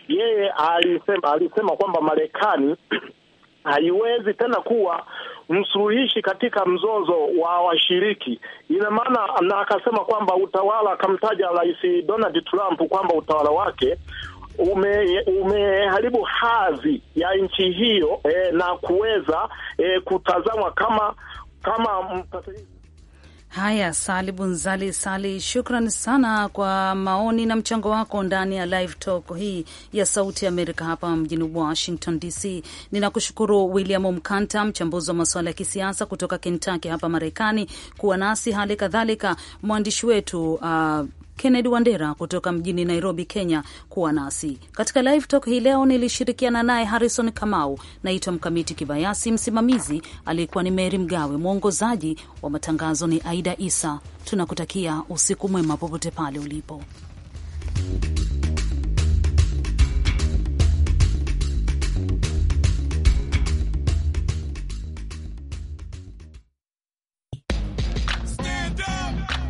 yeye alisema alisema kwamba Marekani haiwezi tena kuwa msuluhishi katika mzozo wa washiriki. Ina maana na akasema kwamba utawala, akamtaja Rais Donald Trump kwamba utawala wake ume umeharibu hadhi ya nchi hiyo eh, na kuweza eh, kutazamwa kama kama Haya, Sali Bunzali Sali, shukran sana kwa maoni na mchango wako ndani ya live talk hii ya Sauti ya Amerika hapa mjini Washington DC. Ninakushukuru William Mkanta, mchambuzi wa masuala ya kisiasa kutoka Kentucky hapa Marekani, kuwa nasi hali kadhalika mwandishi wetu uh, Kennedy Wandera kutoka mjini Nairobi, Kenya, kuwa nasi katika live talk hii leo. Nilishirikiana naye Harrison Kamau, naitwa Mkamiti Kibayasi, msimamizi aliyekuwa ni Meri Mgawe, mwongozaji wa matangazo ni Aida Isa. Tunakutakia usiku mwema popote pale ulipo.